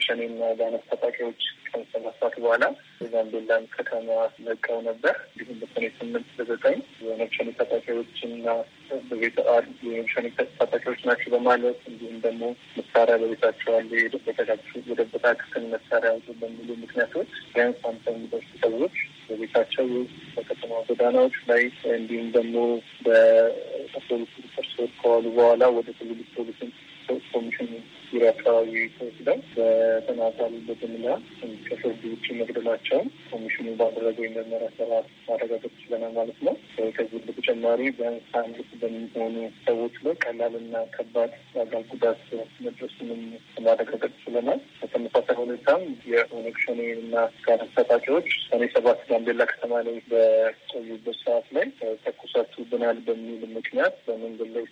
Speaker 8: ሸኔና ዳነት ታጣቂዎች ኤሌክሽን ከማስፋት በኋላ የጋምቤላን ከተማ ለቀው ነበር። እንዲሁም በሰኔ ስምንት በዘጠኝ የኦነግሸኔ ታጣቂዎችና በቤተአር የኦነግሸኔ ታጣቂዎች ናቸው በማለት እንዲሁም ደግሞ መሳሪያ በቤታቸው አለ የደበቀላቸው የደበቃ ክፍል መሳሪያ በሚሉ ምክንያቶች ቢያንስ አምሳ የሚደርሱ ሰዎች በቤታቸው በከተማ ጎዳናዎች ላይ እንዲሁም ደግሞ በፖሊስ ቁጥጥር ስር ከዋሉ በኋላ ወደ ክልል ፖሊስን ኮሚሽን ዙሪያ አካባቢ ተወስደው በተናዛሉበት እና ከፍርድ ውጭ መግደላቸውን ኮሚሽኑ ባደረገው የምርመራ ስራ ማረጋገጥ ችለናል ማለት ነው። ከዚህ በተጨማሪ ቢያንስ አንድ በሚሆኑ ሰዎች ላይ ቀላልና ከባድ የአካል ጉዳት መድረሱንም ማረጋገጥ ችለናል። በተመሳሳይ ሁኔታም የኦነግ ሸኔና ጋር ታጣቂዎች ሰኔ ሰባት ጋምቤላ ከተማ ላይ በቆዩበት ሰዓት ላይ ተኩሳቱብናል በሚል ምክንያት በመንገድ ላይ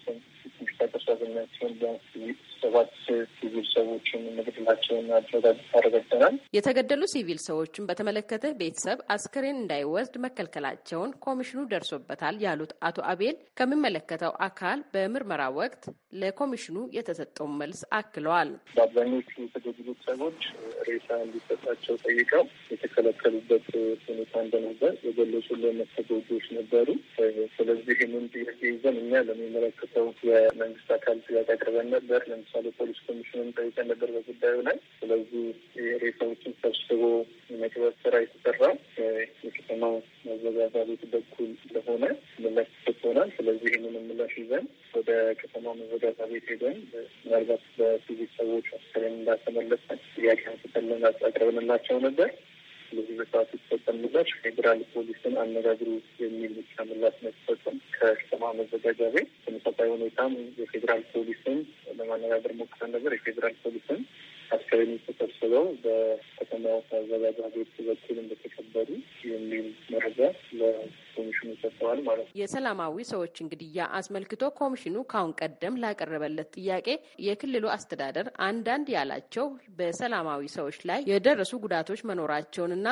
Speaker 7: የተገደሉ ሲቪል ሰዎችን በተመለከተ ቤተሰብ አስክሬን እንዳይወስድ መከልከላቸውን ኮሚሽኑ ደርሶበታል ያሉት አቶ አቤል ከሚመለከተው አካል በምርመራ ወቅት ለኮሚሽኑ የተሰጠውን መልስ አክለዋል።
Speaker 8: በአብዛኞቹ የተገደሉት ሰዎች ሬሳ እንዲሰጣቸው ጠይቀው የተከለከሉበት ሁኔታ እንደነበር የገለጹ ለመተጎጆች ነበሩ። ስለዚህ ይህንን ጥያቄ ይዘን እኛ ለሚመለከተው የመንግስት አካል ጥያቄ አቅርበን ነበር። ለምሳሌ ፖሊስ ኮሚሽኑን ጠይቀን ነበር በጉዳዩ ላይ። ስለዚህ ሬሳዎችን ሰብስቦ የመቅበር ስራ የተሰራ የከተማው መዘጋጃ ቤት በኩል ስለሆነ ምላሽ ተሰጥቶናል። ስለዚህ ይህንን ምላሽ ይዘን ወደ ከተማ መዘጋጃ ቤት ሄደን ምናልባት በፊዚክ ሰዎች አስከሬን እንዳተመለሰን ጥያቄ አንስተን አቅርበንላቸው ነበር። ስለዚህ በሰዓት የተሰጠን ምላሽ ፌዴራል ፖሊስን አነጋግሩ የሚል ብቻ ምላሽ ነው የተሰጠን ከከተማ መዘጋጃ ቤት። በተመሳሳይ ሁኔታም የፌዴራል ፖሊስን ለማነጋገር ሞክረን ነበር። የፌዴራል ፖሊስን አስከሬን ተሰብስበው በከተማው አዘጋጅ ቤት በኩል እንደተቀበሉ የሚል መረጃ ለኮሚሽኑ ሰጥተዋል ማለት ነው።
Speaker 7: የሰላማዊ ሰዎች እንግድያ አስመልክቶ ኮሚሽኑ ካሁን ቀደም ላቀረበለት ጥያቄ የክልሉ አስተዳደር አንዳንድ ያላቸው በሰላማዊ ሰዎች ላይ የደረሱ ጉዳቶች መኖራቸውንና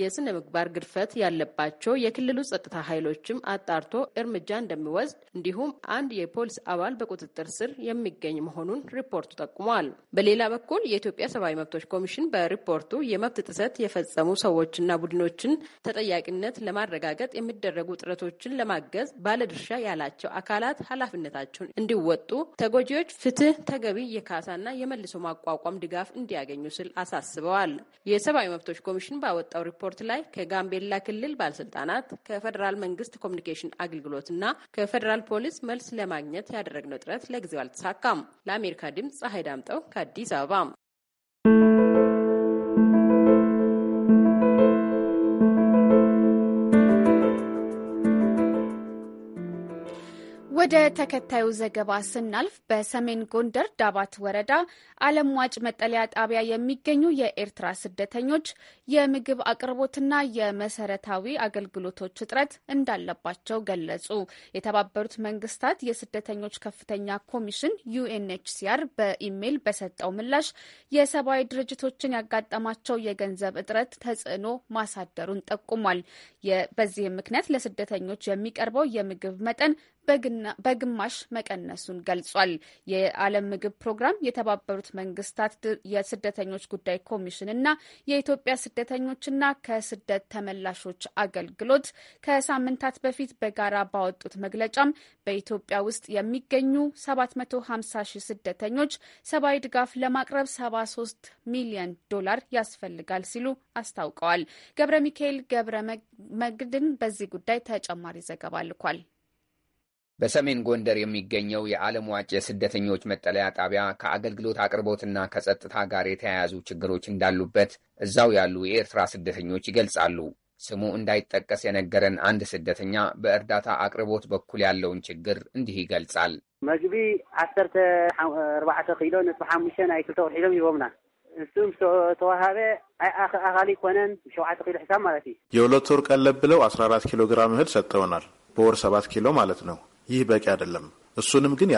Speaker 7: የስነ ምግባር ግድፈት ያለባቸው የክልሉ ጸጥታ ኃይሎችም አጣርቶ እርምጃ እንደሚወስድ እንዲሁም አንድ የፖሊስ አባል በቁጥጥር ስር የሚገኝ መሆኑን ሪፖርቱ ጠቁሟል። በሌላ በኩል የኢትዮጵያ ሰብአዊ መብቶች ኮሚሽን በሪፖርቱ የመብት ጥሰት የፈጸሙ ሰዎችና ቡድኖችን ተጠያቂነት ለማረጋገጥ የሚደረጉ ጥረቶችን ለማገዝ ባለድርሻ ያላቸው አካላት ኃላፊነታቸውን እንዲወጡ፣ ተጎጂዎች ፍትህ፣ ተገቢ የካሳና የመልሶ ማቋቋም ድጋፍ እንዲያገኙ ስል አሳስበዋል። የሰብአዊ መብቶች ኮሚሽን ባወጣው ሪፖርት ሪፖርት ላይ ከጋምቤላ ክልል ባለስልጣናት ከፌዴራል መንግስት ኮሚኒኬሽን አገልግሎትና ከፌዴራል ፖሊስ መልስ ለማግኘት ያደረግነው ጥረት ለጊዜው አልተሳካም። ለአሜሪካ ድምፅ ፀሐይ ዳምጠው ከአዲስ አበባ
Speaker 1: ወደ ተከታዩ ዘገባ ስናልፍ በሰሜን ጎንደር ዳባት ወረዳ ዓለም ዋጭ መጠለያ ጣቢያ የሚገኙ የኤርትራ ስደተኞች የምግብ አቅርቦትና የመሰረታዊ አገልግሎቶች እጥረት እንዳለባቸው ገለጹ። የተባበሩት መንግስታት የስደተኞች ከፍተኛ ኮሚሽን ዩኤንኤችሲአር በኢሜይል በሰጠው ምላሽ የሰብአዊ ድርጅቶችን ያጋጠማቸው የገንዘብ እጥረት ተጽዕኖ ማሳደሩን ጠቁሟል። በዚህም ምክንያት ለስደተኞች የሚቀርበው የምግብ መጠን በግማሽ መቀነሱን ገልጿል። የዓለም ምግብ ፕሮግራም፣ የተባበሩት መንግስታት የስደተኞች ጉዳይ ኮሚሽን እና የኢትዮጵያ ስደተኞችና ከስደት ተመላሾች አገልግሎት ከሳምንታት በፊት በጋራ ባወጡት መግለጫም በኢትዮጵያ ውስጥ የሚገኙ 750 ሺህ ስደተኞች ሰብአዊ ድጋፍ ለማቅረብ 73 ሚሊዮን ዶላር ያስፈልጋል ሲሉ አስታውቀዋል። ገብረ ሚካኤል ገብረ መግድን በዚህ ጉዳይ ተጨማሪ ዘገባ ልኳል።
Speaker 9: በሰሜን ጎንደር የሚገኘው የዓለም ዋጭ የስደተኞች መጠለያ ጣቢያ ከአገልግሎት አቅርቦትና ከጸጥታ ጋር የተያያዙ ችግሮች እንዳሉበት እዛው ያሉ የኤርትራ ስደተኞች ይገልጻሉ። ስሙ እንዳይጠቀስ የነገረን አንድ ስደተኛ በእርዳታ አቅርቦት በኩል ያለውን ችግር እንዲህ ይገልጻል።
Speaker 10: መግቢ
Speaker 11: ዓሰርተ አርባዕተ ኪሎ ነጥ ሓሙሽተ ናይ ክልተ ቁርሒሎም ይቦምና እሱ ተዋሃበ ኣኻሊ ኮነን ሸውዓተ ኪሎ ሕሳብ ማለት እዩ
Speaker 5: የሁለት ወር ቀለብ ብለው አስራ አራት ኪሎ ግራም እህል ሰጥተውናል። በወር ሰባት ኪሎ ማለት ነው። ይህ በቂ አይደለም። እሱንም ግን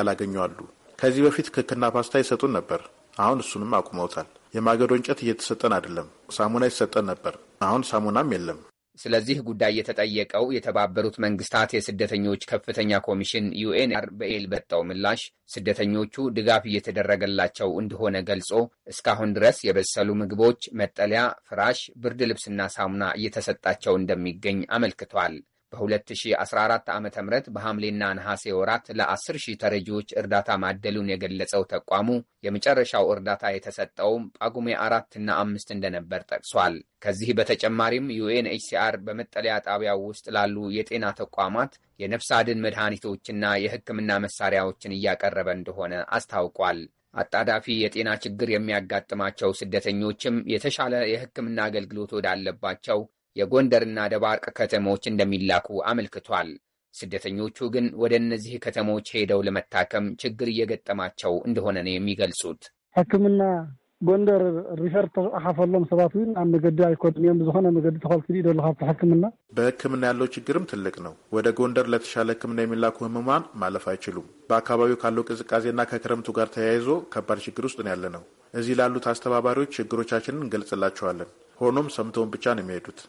Speaker 5: አሉ። ከዚህ በፊት ክክና ፓስታ ይሰጡን ነበር። አሁን እሱንም አቁመውታል። የማገዶ እንጨት እየተሰጠን አይደለም። ሳሙና ይሰጠን ነበር። አሁን ሳሙናም የለም። ስለዚህ ጉዳይ የተጠየቀው
Speaker 9: የተባበሩት መንግስታት የስደተኞች ከፍተኛ ኮሚሽን ዩኤንአርበኤል በጣው ምላሽ ስደተኞቹ ድጋፍ እየተደረገላቸው እንደሆነ ገልጾ እስካሁን ድረስ የበሰሉ ምግቦች፣ መጠለያ፣ ፍራሽ፣ ብርድ ልብስና ሳሙና እየተሰጣቸው እንደሚገኝ አመልክቷል። በ2014 ዓ ም በሐምሌና ነሐሴ ወራት ለ10 ሺህ ተረጂዎች እርዳታ ማደሉን የገለጸው ተቋሙ የመጨረሻው እርዳታ የተሰጠውም ጳጉሜ አራትና አምስት እንደነበር ጠቅሷል። ከዚህ በተጨማሪም ዩኤንኤችሲአር በመጠለያ ጣቢያው ውስጥ ላሉ የጤና ተቋማት የነፍስ አድን መድኃኒቶችና የሕክምና መሳሪያዎችን እያቀረበ እንደሆነ አስታውቋል። አጣዳፊ የጤና ችግር የሚያጋጥማቸው ስደተኞችም የተሻለ የሕክምና አገልግሎት ወዳለባቸው የጎንደርና ደባርቅ ከተሞች እንደሚላኩ አመልክቷል። ስደተኞቹ ግን ወደ እነዚህ ከተሞች ሄደው ለመታከም ችግር እየገጠማቸው እንደሆነ ነው የሚገልጹት።
Speaker 10: ሕክምና ጎንደር ሪፈር
Speaker 3: ተሓፈሎም ሰባት ግን ኣብ መገዲ ኣይኮድን ዝኾነ መገዲ ተኸልኪድ እዩ ካብቲ ሕክምና
Speaker 5: በሕክምና ያለው ችግርም ትልቅ ነው። ወደ ጎንደር ለተሻለ ሕክምና የሚላኩ ህሙማን ማለፍ አይችሉም። በአካባቢው ካለው ቅዝቃዜና ከክረምቱ ጋር ተያይዞ ከባድ ችግር ውስጥ ነው ያለ ነው። እዚህ ላሉት አስተባባሪዎች ችግሮቻችንን እንገልጽላቸዋለን። ሆኖም ሰምተውን ብቻ ነው የሚሄዱት።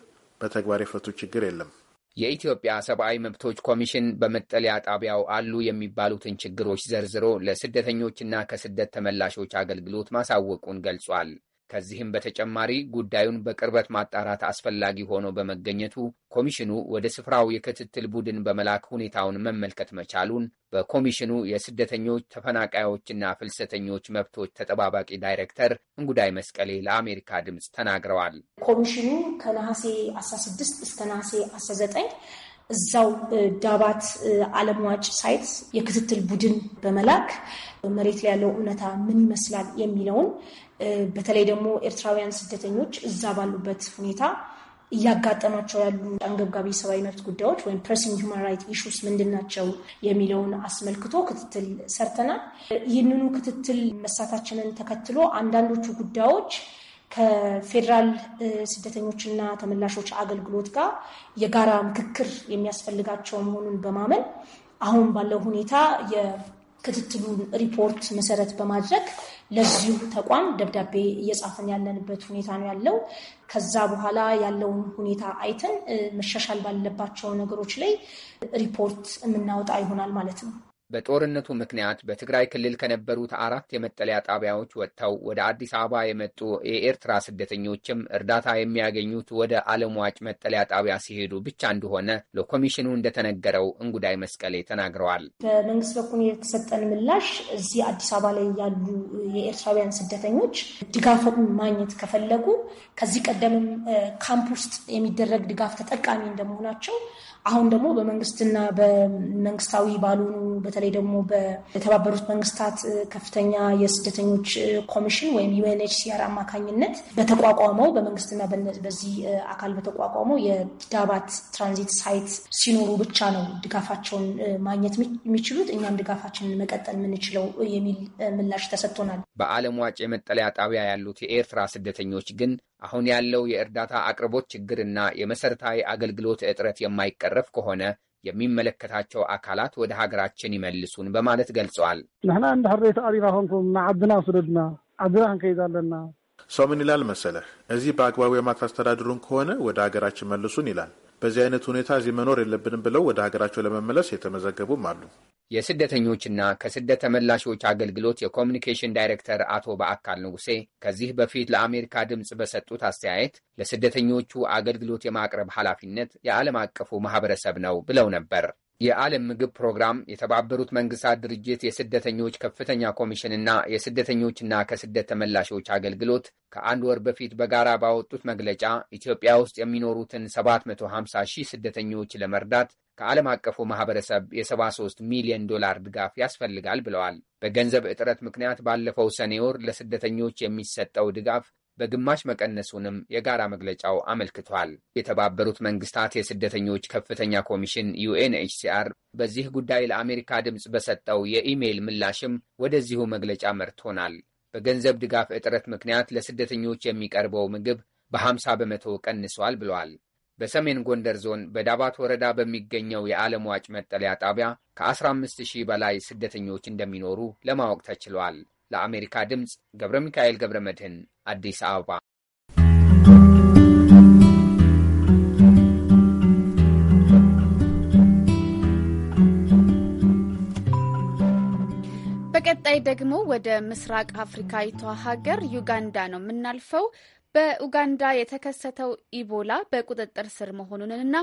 Speaker 5: በተግባር የፈቱ ችግር የለም።
Speaker 9: የኢትዮጵያ ሰብአዊ መብቶች ኮሚሽን በመጠለያ ጣቢያው አሉ የሚባሉትን ችግሮች ዘርዝሮ ለስደተኞችና ከስደት ተመላሾች አገልግሎት ማሳወቁን ገልጿል። ከዚህም በተጨማሪ ጉዳዩን በቅርበት ማጣራት አስፈላጊ ሆኖ በመገኘቱ ኮሚሽኑ ወደ ስፍራው የክትትል ቡድን በመላክ ሁኔታውን መመልከት መቻሉን በኮሚሽኑ የስደተኞች ተፈናቃዮችና ፍልሰተኞች መብቶች ተጠባባቂ ዳይሬክተር እንጉዳይ መስቀሌ ለአሜሪካ ድምፅ ተናግረዋል።
Speaker 12: ኮሚሽኑ ከነሐሴ 16 እስከ ነሐሴ 19 እዛው ዳባት ዓለም ዋጭ ሳይት የክትትል ቡድን በመላክ መሬት ላይ ያለው እውነታ ምን ይመስላል የሚለውን በተለይ ደግሞ ኤርትራውያን ስደተኞች እዛ ባሉበት ሁኔታ እያጋጠማቸው ያሉ አንገብጋቢ ሰብአዊ መብት ጉዳዮች ወይም ፕሬሲንግ ሁማን ራይት ኢሹስ ምንድን ናቸው የሚለውን አስመልክቶ ክትትል ሰርተናል። ይህንኑ ክትትል መሳታችንን ተከትሎ አንዳንዶቹ ጉዳዮች ከፌዴራል ስደተኞችና ተመላሾች አገልግሎት ጋር የጋራ ምክክር የሚያስፈልጋቸው መሆኑን በማመን አሁን ባለው ሁኔታ ክትትሉን ሪፖርት መሰረት በማድረግ ለዚሁ ተቋም ደብዳቤ እየጻፍን ያለንበት ሁኔታ ነው ያለው። ከዛ በኋላ ያለውን ሁኔታ አይተን መሻሻል ባለባቸው ነገሮች ላይ ሪፖርት የምናወጣ ይሆናል ማለት ነው።
Speaker 9: በጦርነቱ ምክንያት በትግራይ ክልል ከነበሩት አራት የመጠለያ ጣቢያዎች ወጥተው ወደ አዲስ አበባ የመጡ የኤርትራ ስደተኞችም እርዳታ የሚያገኙት ወደ ዓለም ዋጭ መጠለያ ጣቢያ ሲሄዱ ብቻ እንደሆነ ለኮሚሽኑ እንደተነገረው እንጉዳይ መስቀሌ ተናግረዋል።
Speaker 12: በመንግስት በኩል የተሰጠን ምላሽ እዚህ አዲስ አበባ ላይ ያሉ የኤርትራውያን ስደተኞች ድጋፍ ማግኘት ከፈለጉ ከዚህ ቀደምም ካምፕ ውስጥ የሚደረግ ድጋፍ ተጠቃሚ እንደመሆናቸው አሁን ደግሞ በመንግስትና በመንግስታዊ ባልሆኑ በተለይ ደግሞ በተባበሩት መንግስታት ከፍተኛ የስደተኞች ኮሚሽን ወይም ዩኤንኤችሲአር አማካኝነት በተቋቋመው በመንግስትና በዚህ አካል በተቋቋመው የዳባት ትራንዚት ሳይት ሲኖሩ ብቻ ነው ድጋፋቸውን ማግኘት የሚችሉት እኛም ድጋፋችንን መቀጠል የምንችለው የሚል ምላሽ ተሰጥቶናል።
Speaker 9: በአለም ዋጭ የመጠለያ ጣቢያ ያሉት የኤርትራ ስደተኞች ግን አሁን ያለው የእርዳታ አቅርቦት ችግርና የመሠረታዊ አገልግሎት እጥረት የማይቀረፍ ከሆነ የሚመለከታቸው አካላት ወደ ሀገራችን ይመልሱን በማለት ገልጸዋል።
Speaker 3: ንሕና እንደ ሕሬት አሪራ ኮንኩም ንዓድና ስደድና ዓድና ክንከይድ ኣለና
Speaker 5: ሰው ምን ይላል መሰለህ፣ እዚህ በአግባቡ የማታስተዳድሩን ከሆነ ወደ ሀገራችን መልሱን ይላል። በዚህ አይነት ሁኔታ እዚህ መኖር
Speaker 9: የለብንም ብለው ወደ ሀገራቸው ለመመለስ የተመዘገቡም አሉ። የስደተኞችና ከስደት ተመላሾች አገልግሎት የኮሚኒኬሽን ዳይሬክተር አቶ በአካል ንጉሴ ከዚህ በፊት ለአሜሪካ ድምፅ በሰጡት አስተያየት ለስደተኞቹ አገልግሎት የማቅረብ ኃላፊነት የዓለም አቀፉ ማህበረሰብ ነው ብለው ነበር። የዓለም ምግብ ፕሮግራም፣ የተባበሩት መንግስታት ድርጅት የስደተኞች ከፍተኛ ኮሚሽንና የስደተኞችና ከስደት ተመላሾች አገልግሎት ከአንድ ወር በፊት በጋራ ባወጡት መግለጫ ኢትዮጵያ ውስጥ የሚኖሩትን 750 ሺህ ስደተኞች ለመርዳት ከዓለም አቀፉ ማህበረሰብ የ73 ሚሊዮን ዶላር ድጋፍ ያስፈልጋል ብለዋል። በገንዘብ እጥረት ምክንያት ባለፈው ሰኔ ወር ለስደተኞች የሚሰጠው ድጋፍ በግማሽ መቀነሱንም የጋራ መግለጫው አመልክቷል። የተባበሩት መንግስታት የስደተኞች ከፍተኛ ኮሚሽን ዩኤንኤችሲአር በዚህ ጉዳይ ለአሜሪካ ድምፅ በሰጠው የኢሜይል ምላሽም ወደዚሁ መግለጫ መርቶናል። በገንዘብ ድጋፍ እጥረት ምክንያት ለስደተኞች የሚቀርበው ምግብ በ50 በመቶ ቀንሷል ብሏል። በሰሜን ጎንደር ዞን በዳባት ወረዳ በሚገኘው የዓለም ዋጭ መጠለያ ጣቢያ ከ15000 በላይ ስደተኞች እንደሚኖሩ ለማወቅ ተችሏል። ለአሜሪካ ድምፅ ገብረ ሚካኤል ገብረ መድህን አዲስ አበባ።
Speaker 1: በቀጣይ ደግሞ ወደ ምስራቅ አፍሪካዊቷ ሀገር ዩጋንዳ ነው የምናልፈው። በኡጋንዳ የተከሰተው ኢቦላ በቁጥጥር ስር መሆኑንና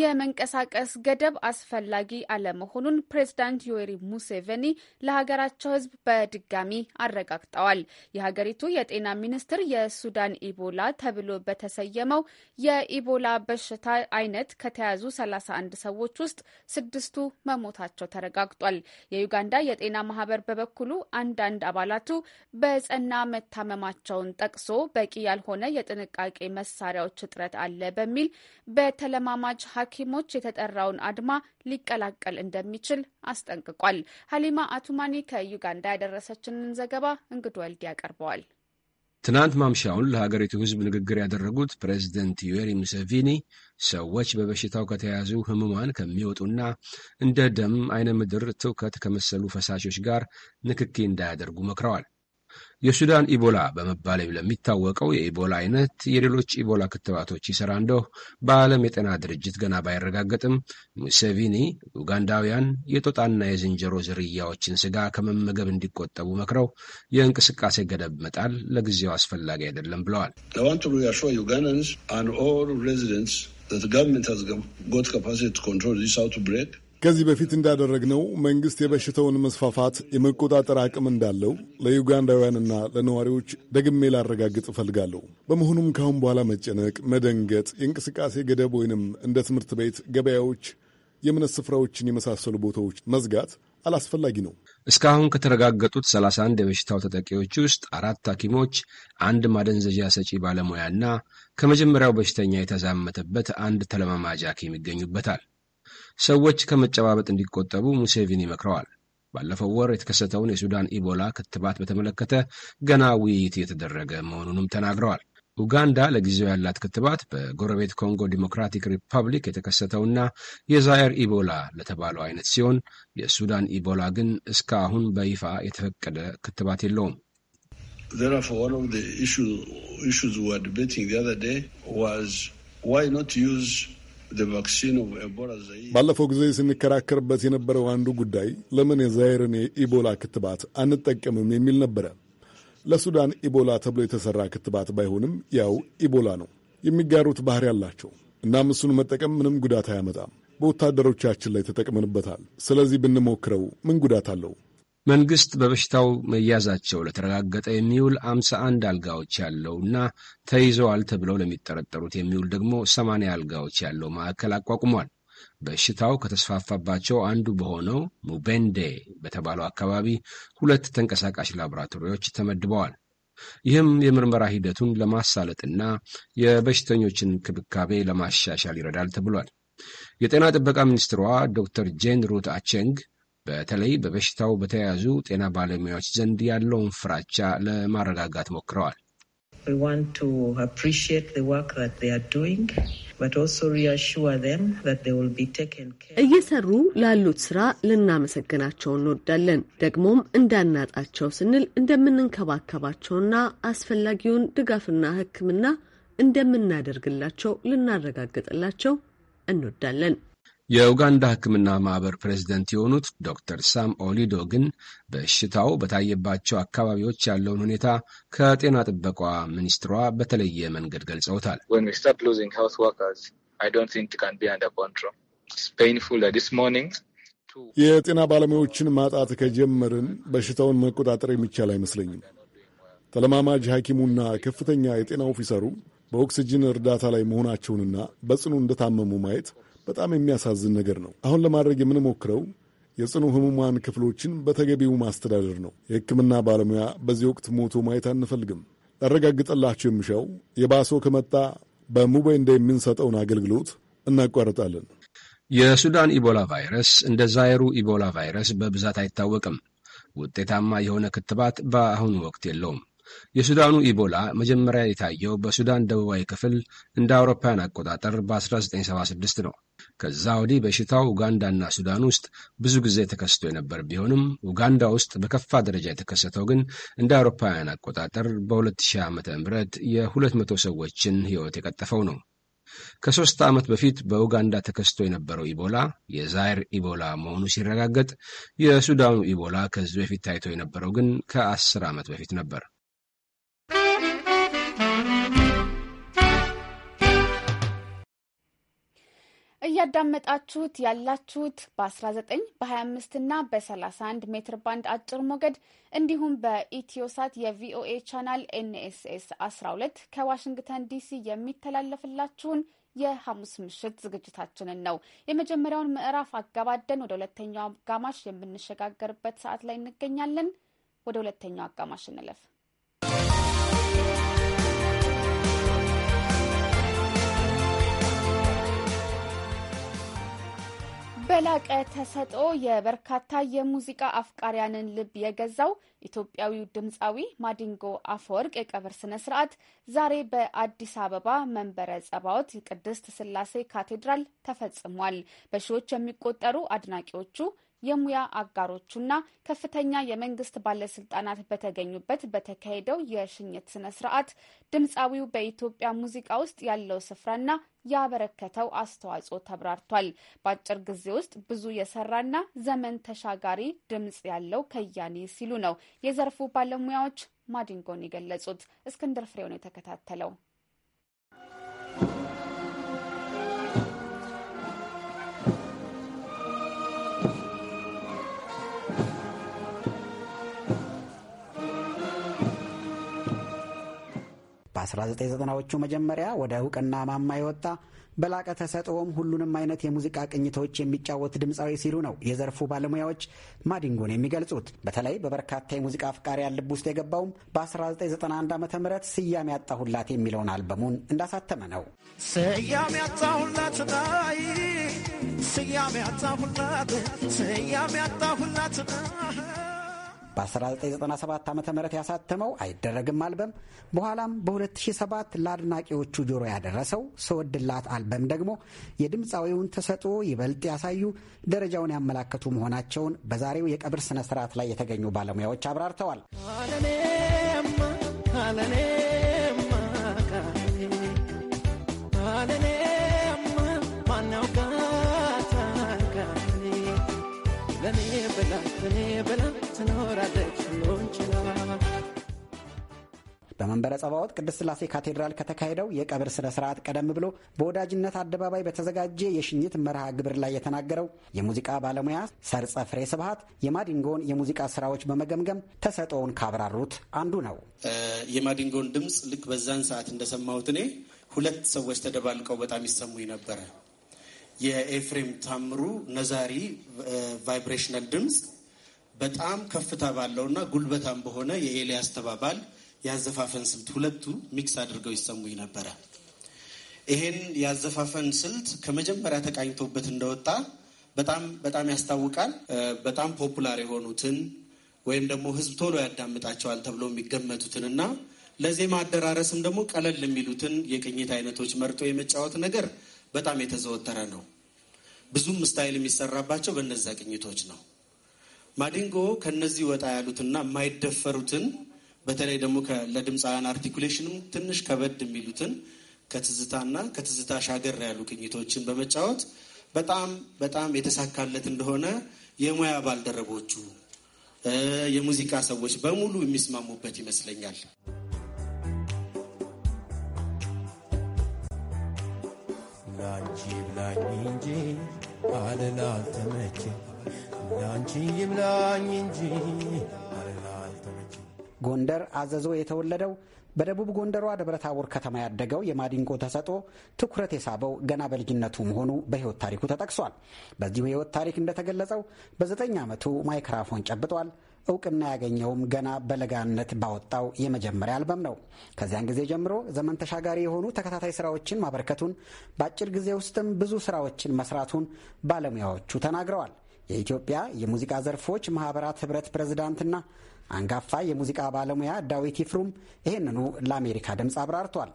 Speaker 1: የመንቀሳቀስ ገደብ አስፈላጊ አለመሆኑን ፕሬዝዳንት ዮዌሪ ሙሴቬኒ ለሀገራቸው ሕዝብ በድጋሚ አረጋግጠዋል። የሀገሪቱ የጤና ሚኒስትር የሱዳን ኢቦላ ተብሎ በተሰየመው የኢቦላ በሽታ አይነት ከተያዙ 31 ሰዎች ውስጥ ስድስቱ መሞታቸው ተረጋግጧል። የዩጋንዳ የጤና ማህበር በበኩሉ አንዳንድ አባላቱ በጸና መታመማቸውን ጠቅሶ በቂ ያልሆነ የጥንቃቄ መሳሪያዎች እጥረት አለ በሚል በተለማማጅ ሐኪሞች የተጠራውን አድማ ሊቀላቀል እንደሚችል አስጠንቅቋል። ሀሊማ አቱማኒ ከዩጋንዳ ያደረሰችንን ዘገባ እንግድ ወልድ ያቀርበዋል።
Speaker 13: ትናንት ማምሻውን ለሀገሪቱ ሕዝብ ንግግር ያደረጉት ፕሬዚደንት ዩዌሪ ሙሴቪኒ ሰዎች በበሽታው ከተያዙ ህሙማን ከሚወጡና እንደ ደም፣ አይነ ምድር፣ ትውከት ከመሰሉ ፈሳሾች ጋር ንክኪ እንዳያደርጉ መክረዋል። የሱዳን ኢቦላ በመባል ለሚታወቀው የኢቦላ አይነት የሌሎች ኢቦላ ክትባቶች ይሰራ እንደሁ በዓለም የጤና ድርጅት ገና ባይረጋገጥም ሙሴቪኒ ኡጋንዳውያን የጦጣና የዝንጀሮ ዝርያዎችን ስጋ ከመመገብ እንዲቆጠቡ መክረው የእንቅስቃሴ ገደብ መጣል ለጊዜው አስፈላጊ አይደለም ብለዋል።
Speaker 5: ከዚህ በፊት እንዳደረግነው መንግሥት የበሽታውን መስፋፋት የመቆጣጠር አቅም እንዳለው ለዩጋንዳውያንና ለነዋሪዎች ደግሜ ላረጋግጥ እፈልጋለሁ። በመሆኑም ካሁን በኋላ መጨነቅ፣ መደንገጥ፣ የእንቅስቃሴ ገደብ ወይንም እንደ ትምህርት ቤት፣ ገበያዎች፣ የእምነት ስፍራዎችን የመሳሰሉ ቦታዎች መዝጋት አላስፈላጊ ነው።
Speaker 13: እስካሁን ከተረጋገጡት 31 የበሽታው ተጠቂዎች ውስጥ አራት ሐኪሞች፣ አንድ ማደንዘዣ ሰጪ ባለሙያና ከመጀመሪያው በሽተኛ የተዛመተበት አንድ ተለማማጅ ሐኪም ይገኙበታል። ሰዎች ከመጨባበጥ እንዲቆጠቡ ሙሴቪኒ መክረዋል። ባለፈው ወር የተከሰተውን የሱዳን ኢቦላ ክትባት በተመለከተ ገና ውይይት እየተደረገ መሆኑንም ተናግረዋል። ኡጋንዳ ለጊዜው ያላት ክትባት በጎረቤት ኮንጎ ዲሞክራቲክ ሪፐብሊክ የተከሰተውና የዛየር ኢቦላ ለተባለው አይነት ሲሆን የሱዳን ኢቦላ ግን እስካሁን በይፋ የተፈቀደ ክትባት የለውም።
Speaker 5: ሽ ባለፈው ጊዜ ስንከራከርበት የነበረው አንዱ ጉዳይ ለምን የዛይርን የኢቦላ ክትባት አንጠቀምም የሚል ነበረ። ለሱዳን ኢቦላ ተብሎ የተሰራ ክትባት ባይሆንም ያው ኢቦላ ነው። የሚጋሩት ባህሪ አላቸው። እናም እሱን መጠቀም ምንም ጉዳት አያመጣም። በወታደሮቻችን ላይ ተጠቅመንበታል። ስለዚህ ብንሞክረው ምን ጉዳት አለው? መንግሥት
Speaker 13: በበሽታው መያዛቸው ለተረጋገጠ የሚውል አንድ አልጋዎች ያለውና ተይዘዋል ተብለው ለሚጠረጠሩት የሚውል ደግሞ 80 አልጋዎች ያለው ማዕከል አቋቁሟል። በሽታው ከተስፋፋባቸው አንዱ በሆነው ሙቤንዴ በተባለው አካባቢ ሁለት ተንቀሳቃሽ ላቦራቶሪዎች ተመድበዋል። ይህም የምርመራ ሂደቱን ለማሳለጥና የበሽተኞችን ክብካቤ ለማሻሻል ይረዳል ተብሏል። የጤና ጥበቃ ሚኒስትሯ ዶክተር ጄን ሩት አቼንግ በተለይ በበሽታው በተያያዙ ጤና ባለሙያዎች ዘንድ ያለውን ፍራቻ ለማረጋጋት ሞክረዋል።
Speaker 14: እየሰሩ ላሉት ስራ ልናመሰግናቸው እንወዳለን። ደግሞም እንዳናጣቸው ስንል እንደምንንከባከባቸውና አስፈላጊውን ድጋፍና ሕክምና እንደምናደርግላቸው ልናረጋግጥላቸው እንወዳለን።
Speaker 13: የኡጋንዳ ሕክምና ማህበር ፕሬዝደንት የሆኑት ዶክተር ሳም ኦሊዶ ግን በሽታው በታየባቸው አካባቢዎች ያለውን ሁኔታ ከጤና ጥበቋ ሚኒስትሯ በተለየ መንገድ ገልጸውታል።
Speaker 5: የጤና ባለሙያዎችን ማጣት ከጀመርን በሽታውን መቆጣጠር የሚቻል አይመስለኝም። ተለማማጅ ሐኪሙና ከፍተኛ የጤና ኦፊሰሩ በኦክስጅን እርዳታ ላይ መሆናቸውንና በጽኑ እንደታመሙ ማየት በጣም የሚያሳዝን ነገር ነው። አሁን ለማድረግ የምንሞክረው የጽኑ ህሙማን ክፍሎችን በተገቢው ማስተዳደር ነው። የህክምና ባለሙያ በዚህ ወቅት ሞቶ ማየት አንፈልግም። ላረጋግጠላቸው የምሻው የባሶ ከመጣ በሙባይ እንደ የምንሰጠውን አገልግሎት እናቋርጣለን።
Speaker 13: የሱዳን ኢቦላ ቫይረስ እንደ ዛይሩ ኢቦላ ቫይረስ በብዛት አይታወቅም። ውጤታማ የሆነ ክትባት በአሁኑ ወቅት የለውም። የሱዳኑ ኢቦላ መጀመሪያ የታየው በሱዳን ደቡባዊ ክፍል እንደ አውሮፓውያን አቆጣጠር በ1976 ነው። ከዛ ወዲህ በሽታው ኡጋንዳና ሱዳን ውስጥ ብዙ ጊዜ ተከስቶ የነበር ቢሆንም ኡጋንዳ ውስጥ በከፋ ደረጃ የተከሰተው ግን እንደ አውሮፓውያን አቆጣጠር በ2000 ዓ ም የ200 ሰዎችን ሕይወት የቀጠፈው ነው። ከሦስት ዓመት በፊት በኡጋንዳ ተከስቶ የነበረው ኢቦላ የዛይር ኢቦላ መሆኑ ሲረጋገጥ፣ የሱዳኑ ኢቦላ ከዚህ በፊት ታይቶ የነበረው ግን ከአስር ዓመት በፊት ነበር።
Speaker 1: እያዳመጣችሁት ያላችሁት በ19 በ25 እና በ31 ሜትር ባንድ አጭር ሞገድ እንዲሁም በኢትዮሳት የቪኦኤ ቻናል ኤንኤስኤስ 12 ከዋሽንግተን ዲሲ የሚተላለፍላችሁን የሐሙስ ምሽት ዝግጅታችንን ነው። የመጀመሪያውን ምዕራፍ አጋባደን ወደ ሁለተኛው አጋማሽ የምንሸጋገርበት ሰዓት ላይ እንገኛለን። ወደ ሁለተኛው አጋማሽ እንለፍ። በላቀ ተሰጥኦ የበርካታ የሙዚቃ አፍቃሪያንን ልብ የገዛው ኢትዮጵያዊው ድምፃዊ ማዲንጎ አፈወርቅ የቀብር ስነ ስርዓት ዛሬ በአዲስ አበባ መንበረ ጸባዖት ቅድስት ስላሴ ካቴድራል ተፈጽሟል። በሺዎች የሚቆጠሩ አድናቂዎቹ የሙያ አጋሮቹና ከፍተኛ የመንግስት ባለስልጣናት በተገኙበት በተካሄደው የሽኝት ስነ ስርዓት ድምፃዊው በኢትዮጵያ ሙዚቃ ውስጥ ያለው ስፍራና ያበረከተው አስተዋጽኦ ተብራርቷል። በአጭር ጊዜ ውስጥ ብዙ የሰራና ዘመን ተሻጋሪ ድምፅ ያለው ከያኔ ሲሉ ነው የዘርፉ ባለሙያዎች ማዲንጎን የገለጹት። እስክንድር ፍሬው ነው የተከታተለው።
Speaker 11: በ1990ዎቹ መጀመሪያ ወደ እውቅና ማማ የወጣ በላቀ ተሰጥኦም ሁሉንም አይነት የሙዚቃ ቅኝቶች የሚጫወት ድምፃዊ ሲሉ ነው የዘርፉ ባለሙያዎች ማዲንጎን የሚገልጹት። በተለይ በበርካታ የሙዚቃ አፍቃሪያን ልብ ውስጥ የገባውም በ1991 ዓ ም ስያሜ ያጣሁላት የሚለውን አልበሙን እንዳሳተመ ነው። ስያሜ ያጣሁላት
Speaker 10: ናይ ስያሜ ያጣሁላት ስያሜ ያጣሁላት ናይ
Speaker 11: በ1997 ዓ ም ያሳተመው አይደረግም አልበም በኋላም በ2007 ለአድናቂዎቹ ጆሮ ያደረሰው ስወድላት አልበም ደግሞ የድምፃዊውን ተሰጥኦ ይበልጥ ያሳዩ ደረጃውን ያመላከቱ መሆናቸውን በዛሬው የቀብር ስነ ስርዓት ላይ የተገኙ ባለሙያዎች አብራርተዋል።
Speaker 7: ካለኔማ
Speaker 11: በመንበረ ጸባዖት ቅድስት ስላሴ ካቴድራል ከተካሄደው የቀብር ስነ ስርዓት ቀደም ብሎ በወዳጅነት አደባባይ በተዘጋጀ የሽኝት መርሃ ግብር ላይ የተናገረው የሙዚቃ ባለሙያ ሰርጸ ፍሬ ስብሀት የማዲንጎን የሙዚቃ ስራዎች በመገምገም ተሰጠውን ካብራሩት አንዱ ነው።
Speaker 10: የማዲንጎን ድምፅ ልክ በዛን ሰዓት እንደሰማሁት እኔ ሁለት ሰዎች ተደባልቀው በጣም ይሰሙኝ ነበረ። የኤፍሬም ታምሩ ነዛሪ ቫይብሬሽናል ድምፅ በጣም ከፍታ ባለውና ጉልበታም በሆነ የኤልያስ ተባባል የአዘፋፈን ስልት ሁለቱ ሚክስ አድርገው ይሰሙኝ ነበረ። ይሄን የአዘፋፈን ስልት ከመጀመሪያ ተቃኝቶበት እንደወጣ በጣም በጣም ያስታውቃል። በጣም ፖፑላር የሆኑትን ወይም ደግሞ ህዝብ ቶሎ ያዳምጣቸዋል ተብሎ የሚገመቱትን እና ለዜማ አደራረስም ደግሞ ቀለል የሚሉትን የቅኝት አይነቶች መርጦ የመጫወት ነገር በጣም የተዘወተረ ነው። ብዙም ስታይል የሚሰራባቸው በእነዚያ ቅኝቶች ነው። ማዲንጎ ከነዚህ ወጣ ያሉትና የማይደፈሩትን በተለይ ደግሞ ለድምፃውያን አርቲኩሌሽንም ትንሽ ከበድ የሚሉትን ከትዝታና ከትዝታ ሻገር ያሉ ቅኝቶችን በመጫወት በጣም በጣም የተሳካለት እንደሆነ የሙያ ባልደረቦቹ የሙዚቃ ሰዎች በሙሉ የሚስማሙበት ይመስለኛል። ላንቺ እንጂ ተመቼ ላንቺ እንጂ
Speaker 11: ጎንደር አዘዞ የተወለደው በደቡብ ጎንደሯ ደብረታቦር ከተማ ያደገው የማዲንጎ ተሰጦ ትኩረት የሳበው ገና በልጅነቱ መሆኑ በሕይወት ታሪኩ ተጠቅሷል። በዚሁ የሕይወት ታሪክ እንደተገለጸው በዘጠኝ ዓመቱ ማይክራፎን ጨብጧል። እውቅና ያገኘውም ገና በለጋነት ባወጣው የመጀመሪያ አልበም ነው። ከዚያን ጊዜ ጀምሮ ዘመን ተሻጋሪ የሆኑ ተከታታይ ስራዎችን ማበርከቱን፣ በአጭር ጊዜ ውስጥም ብዙ ስራዎችን መስራቱን ባለሙያዎቹ ተናግረዋል። የኢትዮጵያ የሙዚቃ ዘርፎች ማህበራት ህብረት ፕሬዝዳንትና አንጋፋ የሙዚቃ ባለሙያ ዳዊት ይፍሩም ይህንኑ ለአሜሪካ ድምፅ አብራርቷል።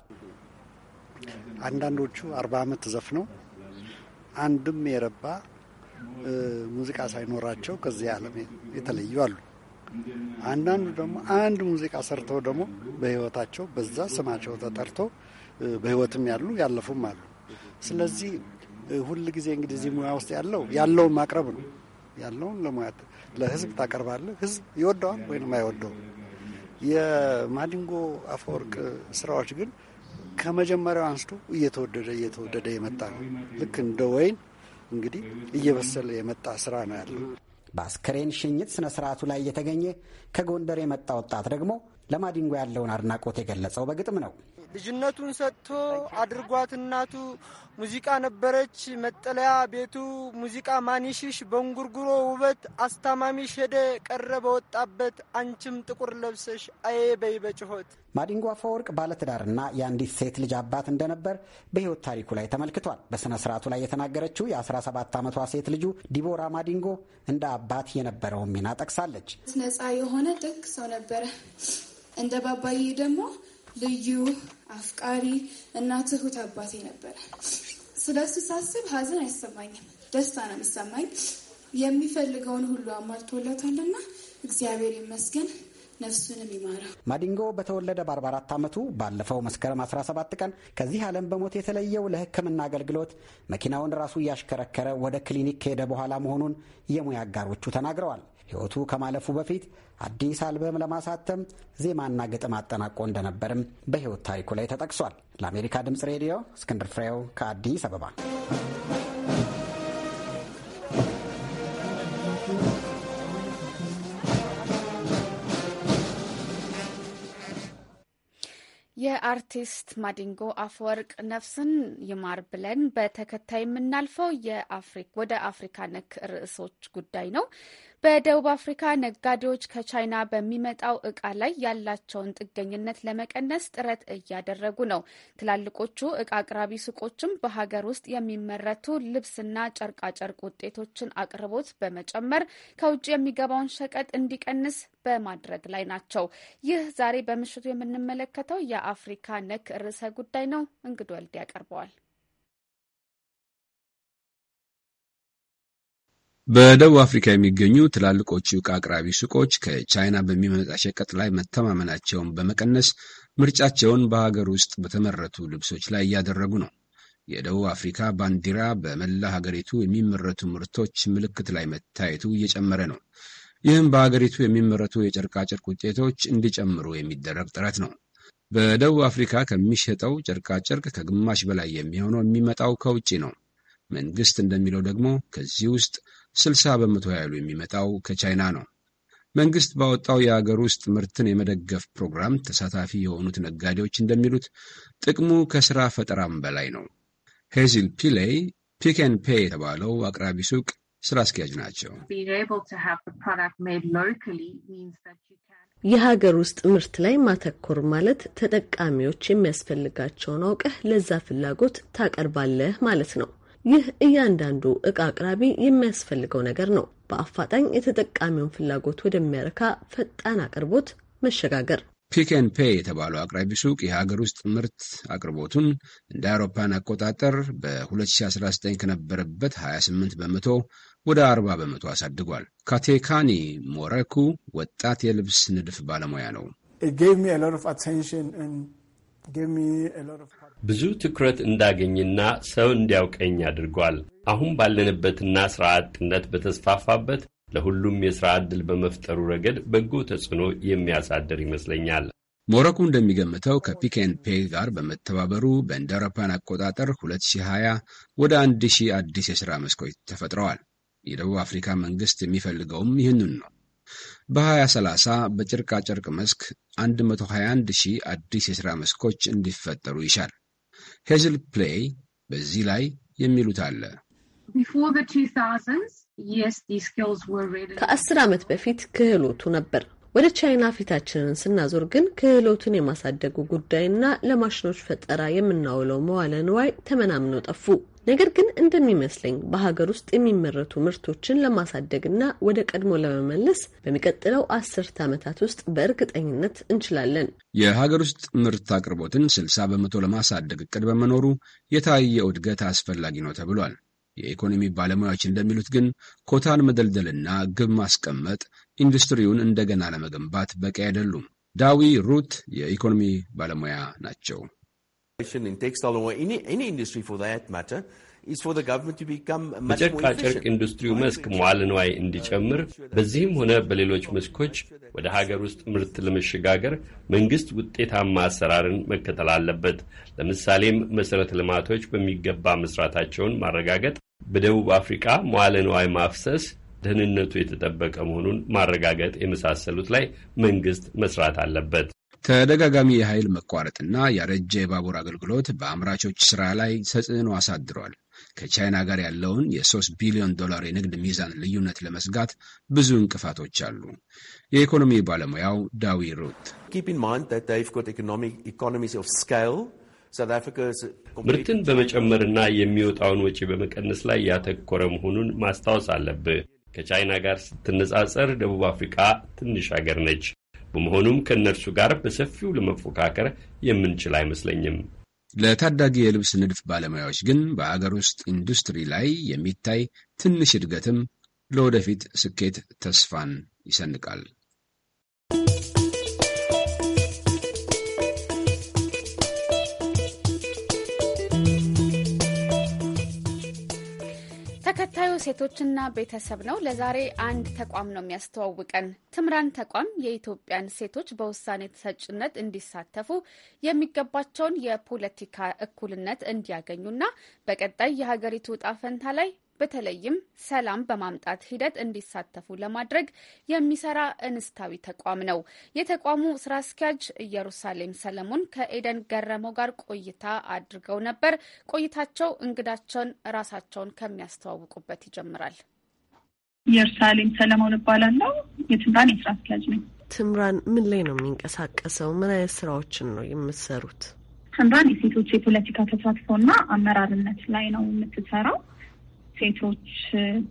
Speaker 11: አንዳንዶቹ አርባ ዓመት ዘፍነው አንድም የረባ
Speaker 3: ሙዚቃ ሳይኖራቸው ከዚህ ዓለም የተለዩ አሉ። አንዳንዱ ደግሞ አንድ ሙዚቃ ሰርተው ደግሞ በህይወታቸው በዛ ስማቸው ተጠርቶ በህይወትም ያሉ ያለፉም አሉ። ስለዚህ ሁል ጊዜ እንግዲህ እዚህ ሙያ ውስጥ ያለው ያለውን ማቅረብ ነው። ያለውን ለሙያ ለህዝብ ታቀርባለህ። ህዝብ ይወደዋል ወይም
Speaker 10: አይወደውም። የማዲንጎ አፈወርቅ ስራዎች ግን ከመጀመሪያው አንስቶ እየተወደደ እየተወደደ የመጣ ነው። ልክ እንደ ወይን እንግዲህ
Speaker 11: እየበሰለ የመጣ ስራ ነው ያለው። በአስከሬን ሽኝት ስነ ስርዓቱ ላይ የተገኘ ከጎንደር የመጣ ወጣት ደግሞ ለማዲንጎ ያለውን አድናቆት የገለጸው በግጥም ነው።
Speaker 10: ልጅነቱን ሰጥቶ አድርጓት። እናቱ ሙዚቃ ነበረች መጠለያ ቤቱ። ሙዚቃ ማኒሽሽ በእንጉርጉሮ ውበት አስታማሚሽ ሄደ ቀረ በወጣበት አንቺም ጥቁር ለብሰሽ አዬ በይ በጭሆት።
Speaker 11: ማዲንጎ አፈወርቅ ባለትዳርና የአንዲት ሴት ልጅ አባት እንደነበር በሕይወት ታሪኩ ላይ ተመልክቷል። በሥነ ሥርዓቱ ላይ የተናገረችው የ17 ዓመቷ ሴት ልጁ ዲቦራ ማዲንጎ እንደ አባት የነበረውን ሚና ጠቅሳለች።
Speaker 1: ነጻ የሆነ ደግ ሰው ነበረ። እንደ ባባዬ ደግሞ ልዩ አፍቃሪ እና ትሁት አባቴ ነበረ። ስለ እሱ ሳስብ ሀዘን አይሰማኝም፣ ደስታ ነው የሚሰማኝ። የሚፈልገውን ሁሉ አሟልቶለታልና እግዚአብሔር ይመስገን። ነፍሱንም
Speaker 11: ማዲንጎ በተወለደ በ44 ዓመቱ ባለፈው መስከረም 17 ቀን ከዚህ ዓለም በሞት የተለየው ለሕክምና አገልግሎት መኪናውን ራሱ እያሽከረከረ ወደ ክሊኒክ ከሄደ በኋላ መሆኑን የሙያ አጋሮቹ ተናግረዋል። ሕይወቱ ከማለፉ በፊት አዲስ አልበም ለማሳተም ዜማና ግጥም አጠናቆ እንደነበርም በሕይወት ታሪኩ ላይ ተጠቅሷል። ለአሜሪካ ድምፅ ሬዲዮ እስክንድር ፍሬው ከአዲስ አበባ።
Speaker 1: የአርቲስት ማዲንጎ አፈወርቅ ነፍስን ይማር ብለን በተከታይ የምናልፈው ወደ አፍሪካ ነክ ርዕሶች ጉዳይ ነው። በደቡብ አፍሪካ ነጋዴዎች ከቻይና በሚመጣው እቃ ላይ ያላቸውን ጥገኝነት ለመቀነስ ጥረት እያደረጉ ነው። ትላልቆቹ እቃ አቅራቢ ሱቆችም በሀገር ውስጥ የሚመረቱ ልብስና ጨርቃጨርቅ ውጤቶችን አቅርቦት በመጨመር ከውጭ የሚገባውን ሸቀጥ እንዲቀንስ በማድረግ ላይ ናቸው። ይህ ዛሬ በምሽቱ የምንመለከተው የአፍሪካ ነክ ርዕሰ ጉዳይ ነው። እንግድ ወልድ ያቀርበዋል።
Speaker 13: በደቡብ አፍሪካ የሚገኙ ትላልቆቹ ዕቃ አቅራቢ ሱቆች ከቻይና በሚመጣ ሸቀጥ ላይ መተማመናቸውን በመቀነስ ምርጫቸውን በሀገር ውስጥ በተመረቱ ልብሶች ላይ እያደረጉ ነው። የደቡብ አፍሪካ ባንዲራ በመላ ሀገሪቱ የሚመረቱ ምርቶች ምልክት ላይ መታየቱ እየጨመረ ነው። ይህም በሀገሪቱ የሚመረቱ የጨርቃጨርቅ ውጤቶች እንዲጨምሩ የሚደረግ ጥረት ነው። በደቡብ አፍሪካ ከሚሸጠው ጨርቃጨርቅ ከግማሽ በላይ የሚሆነው የሚመጣው ከውጭ ነው። መንግስት እንደሚለው ደግሞ ከዚህ ውስጥ 60 በመቶ ያህሉ የሚመጣው ከቻይና ነው። መንግስት ባወጣው የአገር ውስጥ ምርትን የመደገፍ ፕሮግራም ተሳታፊ የሆኑት ነጋዴዎች እንደሚሉት ጥቅሙ ከሥራ ፈጠራም በላይ ነው። ሄዚል ፒሌይ ፒክ ኤን ፔ የተባለው አቅራቢ ሱቅ ስራ አስኪያጅ ናቸው።
Speaker 14: የሀገር ውስጥ ምርት ላይ ማተኮር ማለት ተጠቃሚዎች የሚያስፈልጋቸውን አውቀህ ለዛ ፍላጎት ታቀርባለህ ማለት ነው። ይህ እያንዳንዱ እቃ አቅራቢ የሚያስፈልገው ነገር ነው። በአፋጣኝ የተጠቃሚውን ፍላጎት ወደሚያረካ ፈጣን አቅርቦት መሸጋገር።
Speaker 13: ፒክን ፔ የተባለው አቅራቢ ሱቅ የሀገር ውስጥ ምርት አቅርቦቱን እንደ አውሮፓን አቆጣጠር በ2019 ከነበረበት 28 በመቶ ወደ 40 በመቶ አሳድጓል። ካቴካኒ ሞረኩ ወጣት የልብስ ንድፍ ባለሙያ ነው።
Speaker 15: ብዙ ትኩረት እንዳገኝና ሰው እንዲያውቀኝ አድርጓል። አሁን ባለንበትና ሥራ አጥነት በተስፋፋበት ለሁሉም የሥራ ዕድል በመፍጠሩ ረገድ በጎ ተጽዕኖ
Speaker 13: የሚያሳድር
Speaker 15: ይመስለኛል።
Speaker 13: ሞረኩ እንደሚገምተው ከፒኬን ፔ ጋር በመተባበሩ በእንደ አውሮፓውያን አቆጣጠር 2020 ወደ 1000 አዲስ የሥራ መስኮች ተፈጥረዋል። የደቡብ አፍሪካ መንግሥት የሚፈልገውም ይህንን ነው። በ2030 በጨርቃጨርቅ መስክ 121 ሺህ አዲስ የሥራ መስኮች እንዲፈጠሩ ይሻል። ሄዝል ፕሌይ በዚህ ላይ የሚሉት አለ።
Speaker 14: ከአስር ዓመት በፊት ክህሎቱ ነበር ወደ ቻይና ፊታችንን ስናዞር ግን ክህሎትን የማሳደጉ ጉዳይና ለማሽኖች ፈጠራ የምናውለው መዋለ ንዋይ ተመናምነው ጠፉ። ነገር ግን እንደሚመስለኝ በሀገር ውስጥ የሚመረቱ ምርቶችን ለማሳደግና ወደ ቀድሞ ለመመለስ በሚቀጥለው አስርት ዓመታት ውስጥ በእርግጠኝነት እንችላለን።
Speaker 13: የሀገር ውስጥ ምርት አቅርቦትን ስልሳ በመቶ ለማሳደግ እቅድ በመኖሩ የታየው እድገት አስፈላጊ ነው ተብሏል። የኢኮኖሚ ባለሙያዎች እንደሚሉት ግን ኮታን መደልደልና ግብ ማስቀመጥ ኢንዱስትሪውን እንደገና ለመገንባት በቂ አይደሉም። ዳዊ ሩት የኢኮኖሚ ባለሙያ ናቸው።
Speaker 2: ጨርቅ
Speaker 15: ኢንዱስትሪው መስክ መዋለ ንዋይ እንዲጨምር በዚህም ሆነ በሌሎች መስኮች ወደ ሀገር ውስጥ ምርት ለመሸጋገር መንግስት ውጤታማ አሰራርን መከተል አለበት። ለምሳሌም መሠረተ ልማቶች በሚገባ መስራታቸውን ማረጋገጥ፣ በደቡብ አፍሪካ መዋለ ንዋይ ማፍሰስ ደህንነቱ የተጠበቀ መሆኑን ማረጋገጥ የመሳሰሉት ላይ መንግስት መስራት አለበት።
Speaker 13: ተደጋጋሚ የኃይል መቋረጥና ያረጀ የባቡር አገልግሎት በአምራቾች ሥራ ላይ ተጽዕኖ አሳድሯል። ከቻይና ጋር ያለውን የ3 ቢሊዮን ዶላር የንግድ ሚዛን ልዩነት ለመስጋት ብዙ እንቅፋቶች አሉ። የኢኮኖሚ ባለሙያው ዳዊ ሩት
Speaker 2: ምርትን
Speaker 15: በመጨመርና የሚወጣውን ወጪ በመቀነስ ላይ ያተኮረ መሆኑን ማስታወስ አለብህ። ከቻይና ጋር ስትነጻጸር ደቡብ አፍሪካ ትንሽ አገር ነች። በመሆኑም ከእነርሱ ጋር በሰፊው ለመፎካከር የምንችል አይመስለኝም።
Speaker 13: ለታዳጊ የልብስ ንድፍ ባለሙያዎች ግን በአገር ውስጥ ኢንዱስትሪ ላይ የሚታይ ትንሽ እድገትም ለወደፊት ስኬት ተስፋን ይሰንቃል።
Speaker 1: ሴቶችና ቤተሰብ ነው። ለዛሬ አንድ ተቋም ነው የሚያስተዋውቀን። ትምራን ተቋም የኢትዮጵያን ሴቶች በውሳኔ ተሰጭነት እንዲሳተፉ የሚገባቸውን የፖለቲካ እኩልነት እንዲያገኙና በቀጣይ የሀገሪቱ እጣ ፈንታ ላይ በተለይም ሰላም በማምጣት ሂደት እንዲሳተፉ ለማድረግ የሚሰራ እንስታዊ ተቋም ነው። የተቋሙ ስራ አስኪያጅ ኢየሩሳሌም ሰለሞን ከኤደን ገረመው ጋር ቆይታ አድርገው ነበር። ቆይታቸው እንግዳቸውን ራሳቸውን ከሚያስተዋውቁበት ይጀምራል።
Speaker 16: ኢየሩሳሌም ሰለሞን እባላለሁ። የትምራን የስራ አስኪያጅ ነኝ። ትምራን
Speaker 14: ምን ላይ ነው የሚንቀሳቀሰው? ምን አይነት ስራዎችን ነው የምትሰሩት?
Speaker 16: ትምራን የሴቶች የፖለቲካ ተሳትፎና አመራርነት ላይ ነው የምትሰራው። ሴቶች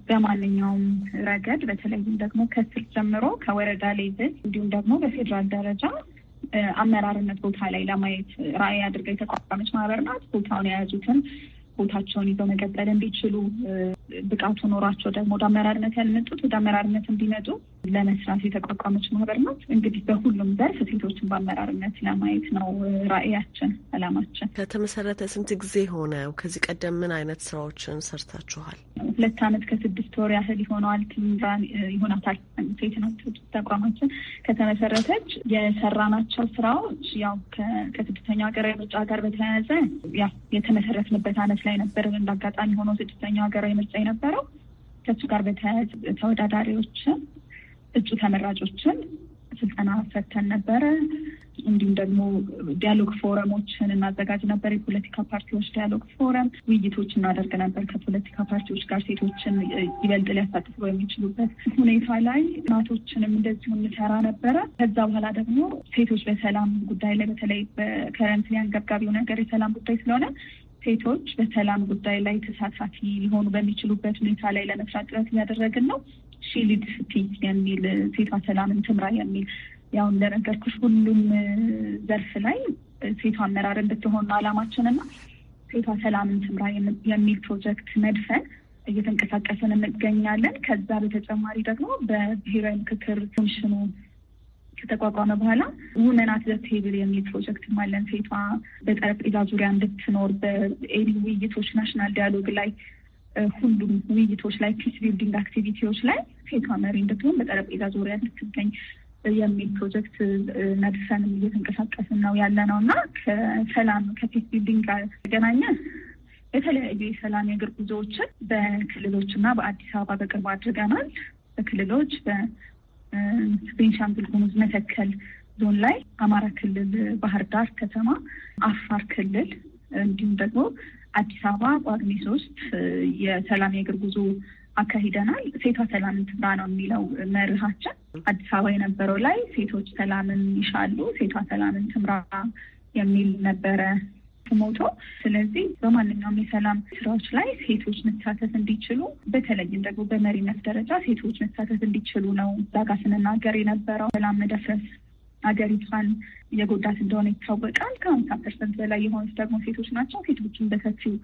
Speaker 16: በማንኛውም ረገድ በተለይም ደግሞ ከስር ጀምሮ ከወረዳ ሌቭል እንዲሁም ደግሞ በፌዴራል ደረጃ አመራርነት ቦታ ላይ ለማየት ራዕይ አድርጋ የተቋቋመች ማህበር ናት። ቦታውን የያዙትን ቦታቸውን ይዘው መቀጠል እንዲችሉ ብቃቱ ኖሯቸው ደግሞ ወደ አመራርነት ያልመጡት ወደ አመራርነት እንዲመጡ ለመስራት የተቋቋመች ማህበር ናት። እንግዲህ በሁሉም ዘርፍ ሴቶችን በአመራርነት ለማየት ነው ራዕያችን፣ አላማችን። ከተመሰረተ
Speaker 14: ስንት ጊዜ ሆነው? ከዚህ ቀደም ምን አይነት ስራዎችን ሰርታችኋል?
Speaker 16: ሁለት አመት ከስድስት ወር ያህል ይሆነዋል። ትምራ ይሆናታል። ሴት ናት ተቋማችን ከተመሰረተች። የሰራናቸው ስራዎች ያው ከስድስተኛው ሀገራዊ ምርጫ ጋር በተያያዘ ያው የተመሰረትንበት አመት ላይ ነበር። እንዳጋጣሚ ሆኖ ስድስተኛው ሀገራዊ ምርጫ የነበረው ከእሱ ጋር ተወዳዳሪዎችን እጩ ተመራጮችን ስልጠና ሰጥተን ነበረ። እንዲሁም ደግሞ ዲያሎግ ፎረሞችን እናዘጋጅ ነበር። የፖለቲካ ፓርቲዎች ዲያሎግ ፎረም ውይይቶች እናደርግ ነበር ከፖለቲካ ፓርቲዎች ጋር ሴቶችን ይበልጥ ሊያሳትፉ የሚችሉበት ሁኔታ ላይ እናቶችንም እንደዚሁ እንሰራ ነበረ። ከዛ በኋላ ደግሞ ሴቶች በሰላም ጉዳይ ላይ በተለይ በከረንት አንገብጋቢው ነገር የሰላም ጉዳይ ስለሆነ ሴቶች በሰላም ጉዳይ ላይ ተሳታፊ ሊሆኑ በሚችሉበት ሁኔታ ላይ ለመስራት ጥረት እያደረግን ነው። ሺ ሊድስ ፒስ የሚል ሴቷ ሰላምን ትምራ የሚል ያው እንደነገርኩሽ ሁሉም ዘርፍ ላይ ሴቷ አመራር እንድትሆን አላማችን ሴቷ ሰላምን ትምራ የሚል ፕሮጀክት መድፈን እየተንቀሳቀስን እንገኛለን። ከዛ በተጨማሪ ደግሞ በብሔራዊ ምክክር ኮሚሽኑ ከተቋቋመ በኋላ ውመን አት ዘ ቴብል የሚል ፕሮጀክት አለን። ሴቷ በጠረጴዛ ዙሪያ እንድትኖር በኤኒ ውይይቶች፣ ናሽናል ዲያሎግ ላይ ሁሉም ውይይቶች ላይ ፒስ ቢልዲንግ አክቲቪቲዎች ላይ ሴቷ መሪ እንድትሆን በጠረጴዛ ዙሪያ እንድትገኝ የሚል ፕሮጀክት ነድፈን እየተንቀሳቀስን ነው ያለ ነው እና ከሰላም ከፒስ ቢልዲንግ ጋር ተገናኘ የተለያዩ የሰላም የእግር ጉዞዎችን በክልሎች እና በአዲስ አበባ በቅርቡ አድርገናል። በክልሎች ቤንሻንጉል ጉሙዝ መተከል ዞን ላይ፣ አማራ ክልል ባህር ዳር ከተማ፣ አፋር ክልል እንዲሁም ደግሞ አዲስ አበባ ጳጉሜ ሶስት የሰላም የእግር ጉዞ አካሂደናል። ሴቷ ሰላምን ትምራ ነው የሚለው መርሃችን። አዲስ አበባ የነበረው ላይ ሴቶች ሰላምን ይሻሉ፣ ሴቷ ሰላምን ትምራ የሚል ነበረ ሞቶ። ስለዚህ በማንኛውም የሰላም ስራዎች ላይ ሴቶች መሳተፍ እንዲችሉ በተለይም ደግሞ በመሪነት ደረጃ ሴቶች መሳተፍ እንዲችሉ ነው ዛጋ ስንናገር የነበረው። ሰላም መደፍረስ ሀገሪቷን የጎዳት እንደሆነ ይታወቃል። ከሀምሳ ፐርሰንት በላይ የሆኑት ደግሞ ሴቶች ናቸው። ሴቶችን በሰፊው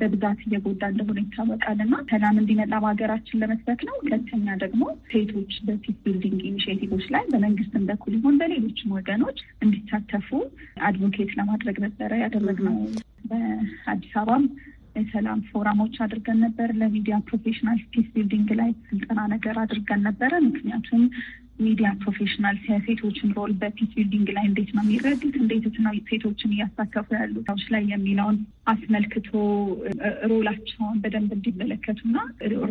Speaker 16: በብዛት እየጎዳ እንደሆነ ይታወቃል እና ሰላም እንዲመጣ በሀገራችን ለመስበክ ነው። ሁለተኛ ደግሞ ሴቶች በፒስ ቢልዲንግ ኢኒሽቲቮች ላይ በመንግስትም በኩል ይሆን በሌሎችም ወገኖች እንዲሳተፉ አድቮኬት ለማድረግ ነበረ ያደረግነው። በአዲስ አበባም የሰላም ፎራሞች አድርገን ነበር። ለሚዲያ ፕሮፌሽናል ፒስ ቢልዲንግ ላይ ስልጠና ነገር አድርገን ነበረ። ምክንያቱም ሚዲያ ፕሮፌሽናል ሴቶችን ሮል በፒስ ቢልዲንግ ላይ እንዴት ነው የሚረዱት፣ እንዴት ነው ሴቶችን እያሳተፉ ያሉ ሰዎች ላይ የሚለውን አስመልክቶ ሮላቸውን በደንብ እንዲመለከቱና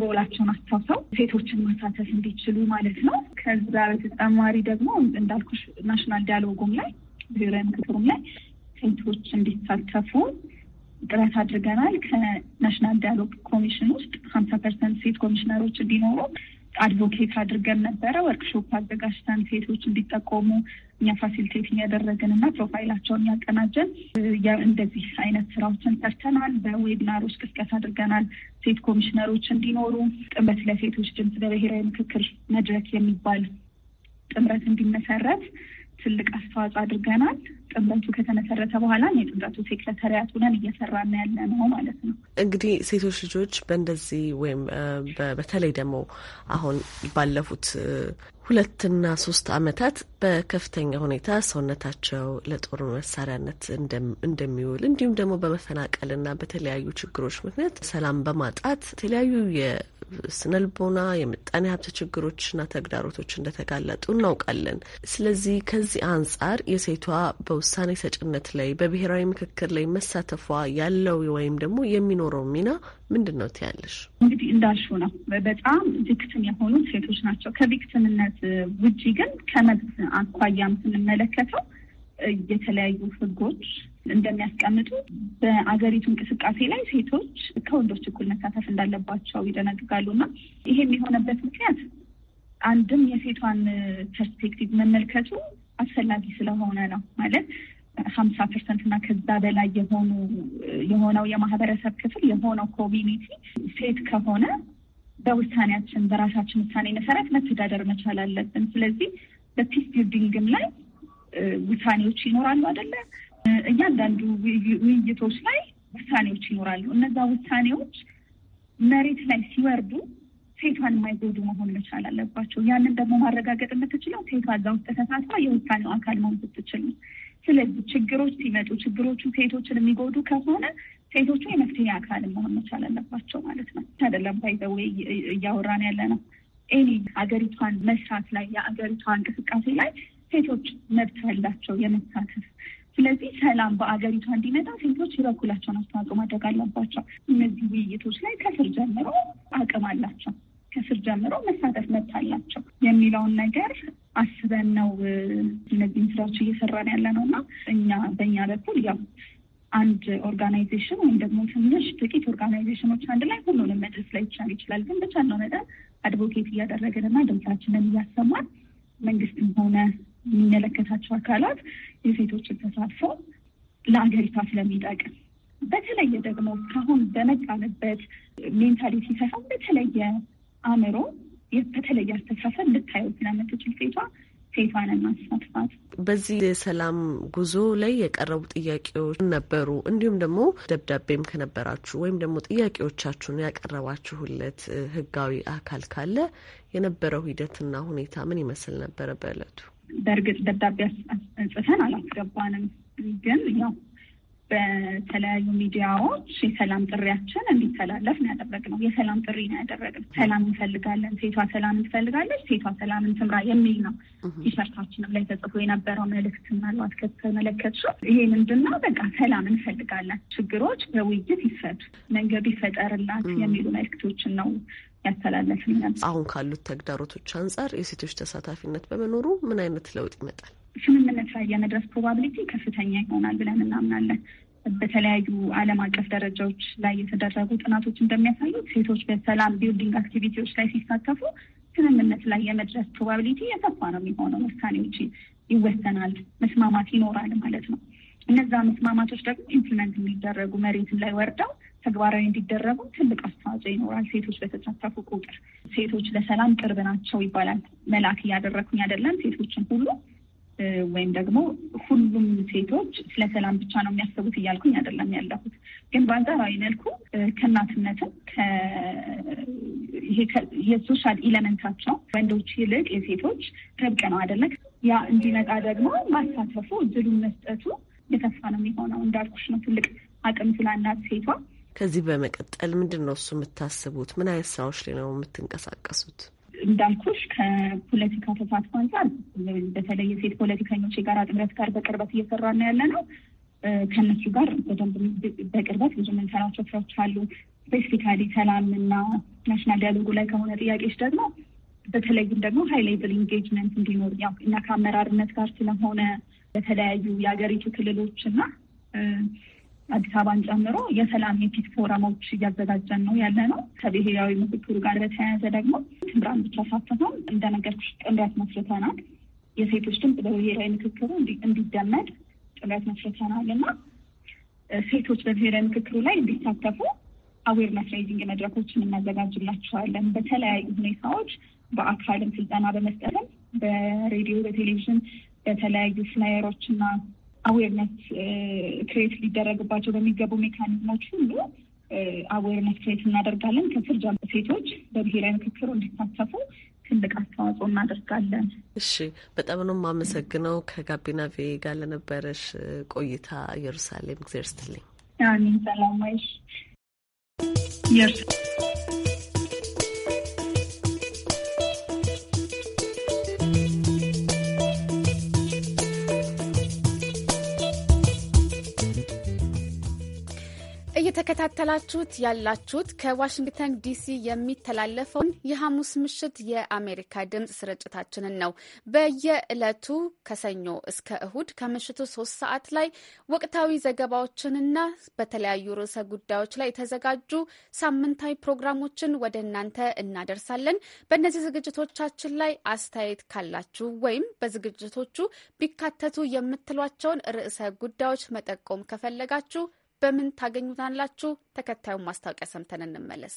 Speaker 16: ሮላቸውን አስታውሰው ሴቶችን ማሳተፍ እንዲችሉ ማለት ነው። ከዛ በተጨማሪ ደግሞ እንዳልኩሽ ናሽናል ዲያሎጉም ላይ ብሔራዊ ምክክሩም ላይ ሴቶች እንዲሳተፉ ጥረት አድርገናል። ከናሽናል ዲያሎግ ኮሚሽን ውስጥ ሀምሳ ፐርሰንት ሴት ኮሚሽነሮች እንዲኖሩ አድቮኬት አድርገን ነበረ። ወርክሾፕ አዘጋጅተን ሴቶች እንዲጠቆሙ እኛ ፋሲሊቴት እያደረግን እና ፕሮፋይላቸውን ያቀናጀን እንደዚህ አይነት ስራዎችን ሰርተናል። በዌቢናሮች ቅስቀሳ አድርገናል። ሴት ኮሚሽነሮች እንዲኖሩ ጥምረት ለሴቶች ድምፅ በብሔራዊ ምክክር መድረክ የሚባል ጥምረት እንዲመሰረት ትልቅ አስተዋጽኦ አድርገናል። ጥምረቱ ከተመሰረተ በኋላ የጥምረቱ ሴክሬታሪያት ሆነን እየሰራን ያለ ነው ማለት ነው።
Speaker 14: እንግዲህ ሴቶች ልጆች በእንደዚህ ወይም በተለይ ደግሞ አሁን ባለፉት ሁለትና ሶስት ዓመታት በከፍተኛ ሁኔታ ሰውነታቸው ለጦር መሳሪያነት እንደሚውል እንዲሁም ደግሞ በመፈናቀልና በተለያዩ ችግሮች ምክንያት ሰላም በማጣት የተለያዩ ስነልቦና፣ የምጣኔ ሀብት ችግሮችና ተግዳሮቶች እንደተጋለጡ እናውቃለን። ስለዚህ ከዚህ አንጻር የሴቷ በውሳኔ ሰጭነት ላይ በብሔራዊ ምክክር ላይ መሳተፏ ያለው ወይም ደግሞ የሚኖረው ሚና ምንድን ነው ትያለሽ?
Speaker 16: እንግዲህ እንዳልሹ ነው። በጣም ቪክትም የሆኑት ሴቶች ናቸው። ከቪክትምነት ውጪ ግን ከመብት አኳያም ስንመለከተው የተለያዩ ህጎች እንደሚያስቀምጡ በአገሪቱ እንቅስቃሴ ላይ ሴቶች ከወንዶች እኩል መሳተፍ እንዳለባቸው ይደነግጋሉ እና ይሄም የሆነበት ምክንያት አንድም የሴቷን ፐርስፔክቲቭ መመልከቱ አስፈላጊ ስለሆነ ነው። ማለት ሀምሳ ፐርሰንት እና ከዛ በላይ የሆኑ የሆነው የማህበረሰብ ክፍል የሆነው ኮሚኒቲ ሴት ከሆነ በውሳኔያችን በራሳችን ውሳኔ መሰረት መተዳደር መቻል አለብን። ስለዚህ በፒስ ቢልዲንግም ላይ ውሳኔዎች ይኖራሉ አይደለም እያንዳንዱ ውይይቶች ላይ ውሳኔዎች ይኖራሉ። እነዛ ውሳኔዎች መሬት ላይ ሲወርዱ ሴቷን የማይጎዱ መሆን መቻል አለባቸው። ያንን ደግሞ ማረጋገጥ የምትችለው ሴቷ እዛ ውስጥ ተሳትፋ የውሳኔው አካል መሆን ስትችል ነው። ስለዚህ ችግሮች ሲመጡ ችግሮቹ ሴቶችን የሚጎዱ ከሆነ ሴቶቹ የመፍትሄ አካል መሆን መቻል አለባቸው ማለት ነው። አይደለም ባይዘወይ እያወራን ያለ ነው ኤኒ አገሪቷን መስራት ላይ የአገሪቷ እንቅስቃሴ ላይ ሴቶች መብት ያላቸው የመሳተፍ ስለዚህ ሰላም በአገሪቷ እንዲመጣ ሴቶች የበኩላቸውን አስተዋጽኦ ማድረግ አለባቸው። እነዚህ ውይይቶች ላይ ከስር ጀምሮ አቅም አላቸው፣ ከስር ጀምሮ መሳተፍ መብት አላቸው የሚለውን ነገር አስበን ነው እነዚህም ስራዎች እየሰራን ያለ ነው እና እኛ በእኛ በኩል ያው አንድ ኦርጋናይዜሽን ወይም ደግሞ ትንሽ ጥቂት ኦርጋናይዜሽኖች አንድ ላይ ሁሉንም መድረስ ላይ ይቻል ይችላል። ግን ነው መጠን አድቮኬት እያደረግንና ድምፃችንን እያሰማን መንግስትም ሆነ የሚመለከታቸው አካላት የሴቶችን ተሳትፎ ለአገሪቷ ስለሚጠቅም በተለየ ደግሞ ካሁን በመጣንበት ሜንታሊቲ ሳይሆን በተለየ አእምሮ በተለየ አስተሳሰብ ልታየው ስለምትችል ሴቷ ሴቷን ማስፋትፋት
Speaker 14: በዚህ የሰላም ጉዞ ላይ የቀረቡ ጥያቄዎች ነበሩ። እንዲሁም ደግሞ ደብዳቤም ከነበራችሁ ወይም ደግሞ ጥያቄዎቻችሁን ያቀረባችሁለት ህጋዊ አካል ካለ የነበረው ሂደትና ሁኔታ ምን ይመስል ነበረ በእለቱ?
Speaker 16: በእርግጥ ደብዳቤ ጽፈን አላስገባንም። ግን ያው በተለያዩ ሚዲያዎች የሰላም ጥሪያችን እንዲተላለፍ ነው ያደረግነው። የሰላም ጥሪ ነው ያደረግነው። ሰላም እንፈልጋለን፣ ሴቷ ሰላም እንፈልጋለች፣ ሴቷ ሰላም እንትምራ የሚል ነው ቲሸርታችንም ላይ ተጽፎ የነበረው መልእክት። ምናልባት ከተመለከትሽው ይሄ ምንድን ነው? በቃ ሰላም እንፈልጋለን፣ ችግሮች በውይይት ይፈቱ፣ መንገዱ ይፈጠርላት የሚሉ መልእክቶችን ነው ያስተላለፍን ነበር። አሁን
Speaker 14: ካሉት ተግዳሮቶች አንጻር የሴቶች ተሳታፊነት በመኖሩ ምን አይነት ለውጥ ይመጣል?
Speaker 16: ስምምነት ላይ የመድረስ ፕሮባብሊቲ ከፍተኛ ይሆናል ብለን እናምናለን። በተለያዩ ዓለም አቀፍ ደረጃዎች ላይ የተደረጉ ጥናቶች እንደሚያሳዩት ሴቶች በሰላም ቢልዲንግ አክቲቪቲዎች ላይ ሲሳተፉ ስምምነት ላይ የመድረስ ፕሮባብሊቲ የሰፋ ነው የሚሆነው። ውሳኔዎች ይወሰናል፣ መስማማት ይኖራል ማለት ነው። እነዛ መስማማቶች ደግሞ ኢምፕሊመንት እንዲደረጉ መሬትም ላይ ወርደው ተግባራዊ እንዲደረጉ ትልቅ አስተዋጽኦ ይኖራል። ሴቶች በተሳተፉ ቁጥር ሴቶች ለሰላም ቅርብ ናቸው ይባላል። መልክ እያደረኩኝ አይደለም ሴቶችን ሁሉ ወይም ደግሞ ሁሉም ሴቶች ስለ ሰላም ብቻ ነው የሚያስቡት እያልኩኝ አይደለም ያለሁት። ግን በአንጻራዊ መልኩ ከእናትነትም የሶሻል ኢለመንታቸው ወንዶች ይልቅ የሴቶች ጥብቅ ነው አይደለ? ያ እንዲመጣ ደግሞ ማሳተፉ እድሉን መስጠቱ የተፋ ነው የሚሆነው። እንዳልኩሽ ነው ትልቅ አቅም ስላላት ሴቷ።
Speaker 14: ከዚህ በመቀጠል ምንድን ነው እሱ የምታስቡት? ምን አይነት ስራዎች ላይ ነው
Speaker 16: የምትንቀሳቀሱት? እንዳልኩሽ ከፖለቲካ ተሳትፎ አንጻር በተለይ የሴት ፖለቲከኞች የጋራ ጥምረት ጋር በቅርበት እየሰራ ነው ያለ ነው። ከእነሱ ጋር በደንብ በቅርበት ብዙ የምንሰራቸው ስራዎች አሉ። ስፔሲፊካሊ ሰላም እና ናሽናል ዲያሎጉ ላይ ከሆነ ጥያቄዎች ደግሞ በተለይም ደግሞ ሀይ ሌቭል ኢንጌጅመንት እንዲኖር እና ከአመራርነት ጋር ስለሆነ በተለያዩ የሀገሪቱ ክልሎች እና አዲስ አበባን ጨምሮ የሰላም የፊት ፎረሞች እያዘጋጀን ነው ያለ ነው። ከብሔራዊ ምክክሩ ጋር በተያያዘ ደግሞ ትምራን ብቻ ሳትሆን እንደነገርኩሽ ጥምረት መስርተናል። የሴቶች ድምፅ በብሔራዊ ምክክሩ እንዲደመድ ጥምረት መስርተናል እና ሴቶች በብሔራዊ ምክክሩ ላይ እንዲሳተፉ አዌርነስ ሬይዚንግ መድረኮችን እናዘጋጅላቸዋለን። በተለያዩ ሁኔታዎች በአካልም ስልጠና በመስጠትም በሬዲዮ፣ በቴሌቪዥን በተለያዩ ፍላየሮች እና አዌርነስ ክሬት ሊደረግባቸው በሚገቡ ሜካኒዝሞች ሁሉ አዌርነስ ክሬት እናደርጋለን። ከስር ጀምሮ ሴቶች በብሔራዊ ምክክሩ እንዲሳተፉ ትልቅ አስተዋጽኦ እናደርጋለን።
Speaker 14: እሺ፣ በጣም ነው የማመሰግነው ከጋቢና ቪ ጋር ለነበረሽ ቆይታ። ኢየሩሳሌም፣ እግዚአብሔር ይስጥልኝ።
Speaker 16: ሰላም
Speaker 1: እየተከታተላችሁት ያላችሁት ከዋሽንግተን ዲሲ የሚተላለፈውን የሐሙስ ምሽት የአሜሪካ ድምፅ ስርጭታችንን ነው። በየዕለቱ ከሰኞ እስከ እሁድ ከምሽቱ ሶስት ሰዓት ላይ ወቅታዊ ዘገባዎችንና በተለያዩ ርዕሰ ጉዳዮች ላይ የተዘጋጁ ሳምንታዊ ፕሮግራሞችን ወደ እናንተ እናደርሳለን። በእነዚህ ዝግጅቶቻችን ላይ አስተያየት ካላችሁ ወይም በዝግጅቶቹ ቢካተቱ የምትሏቸውን ርዕሰ ጉዳዮች መጠቆም ከፈለጋችሁ በምን ታገኙታላችሁ? ተከታዩን ማስታወቂያ ሰምተን እንመለስ።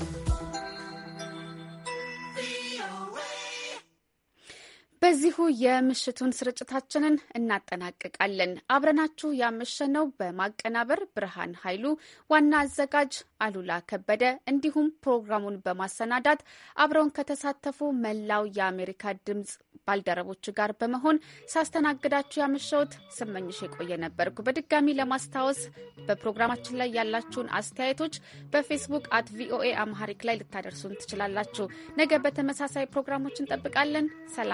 Speaker 1: በዚሁ የምሽቱን ስርጭታችንን እናጠናቅቃለን። አብረናችሁ ያመሸነው በማቀናበር ብርሃን ኃይሉ፣ ዋና አዘጋጅ አሉላ ከበደ እንዲሁም ፕሮግራሙን በማሰናዳት አብረውን ከተሳተፉ መላው የአሜሪካ ድምፅ ባልደረቦች ጋር በመሆን ሳስተናግዳችሁ ያመሸሁት ስመኝሽ የቆየ ነበርኩ። በድጋሚ ለማስታወስ በፕሮግራማችን ላይ ያላችሁን አስተያየቶች በፌስቡክ አት ቪኦኤ አምሃሪክ ላይ ልታደርሱን ትችላላችሁ። ነገ በተመሳሳይ ፕሮግራሞች እንጠብቃለን። ሰላም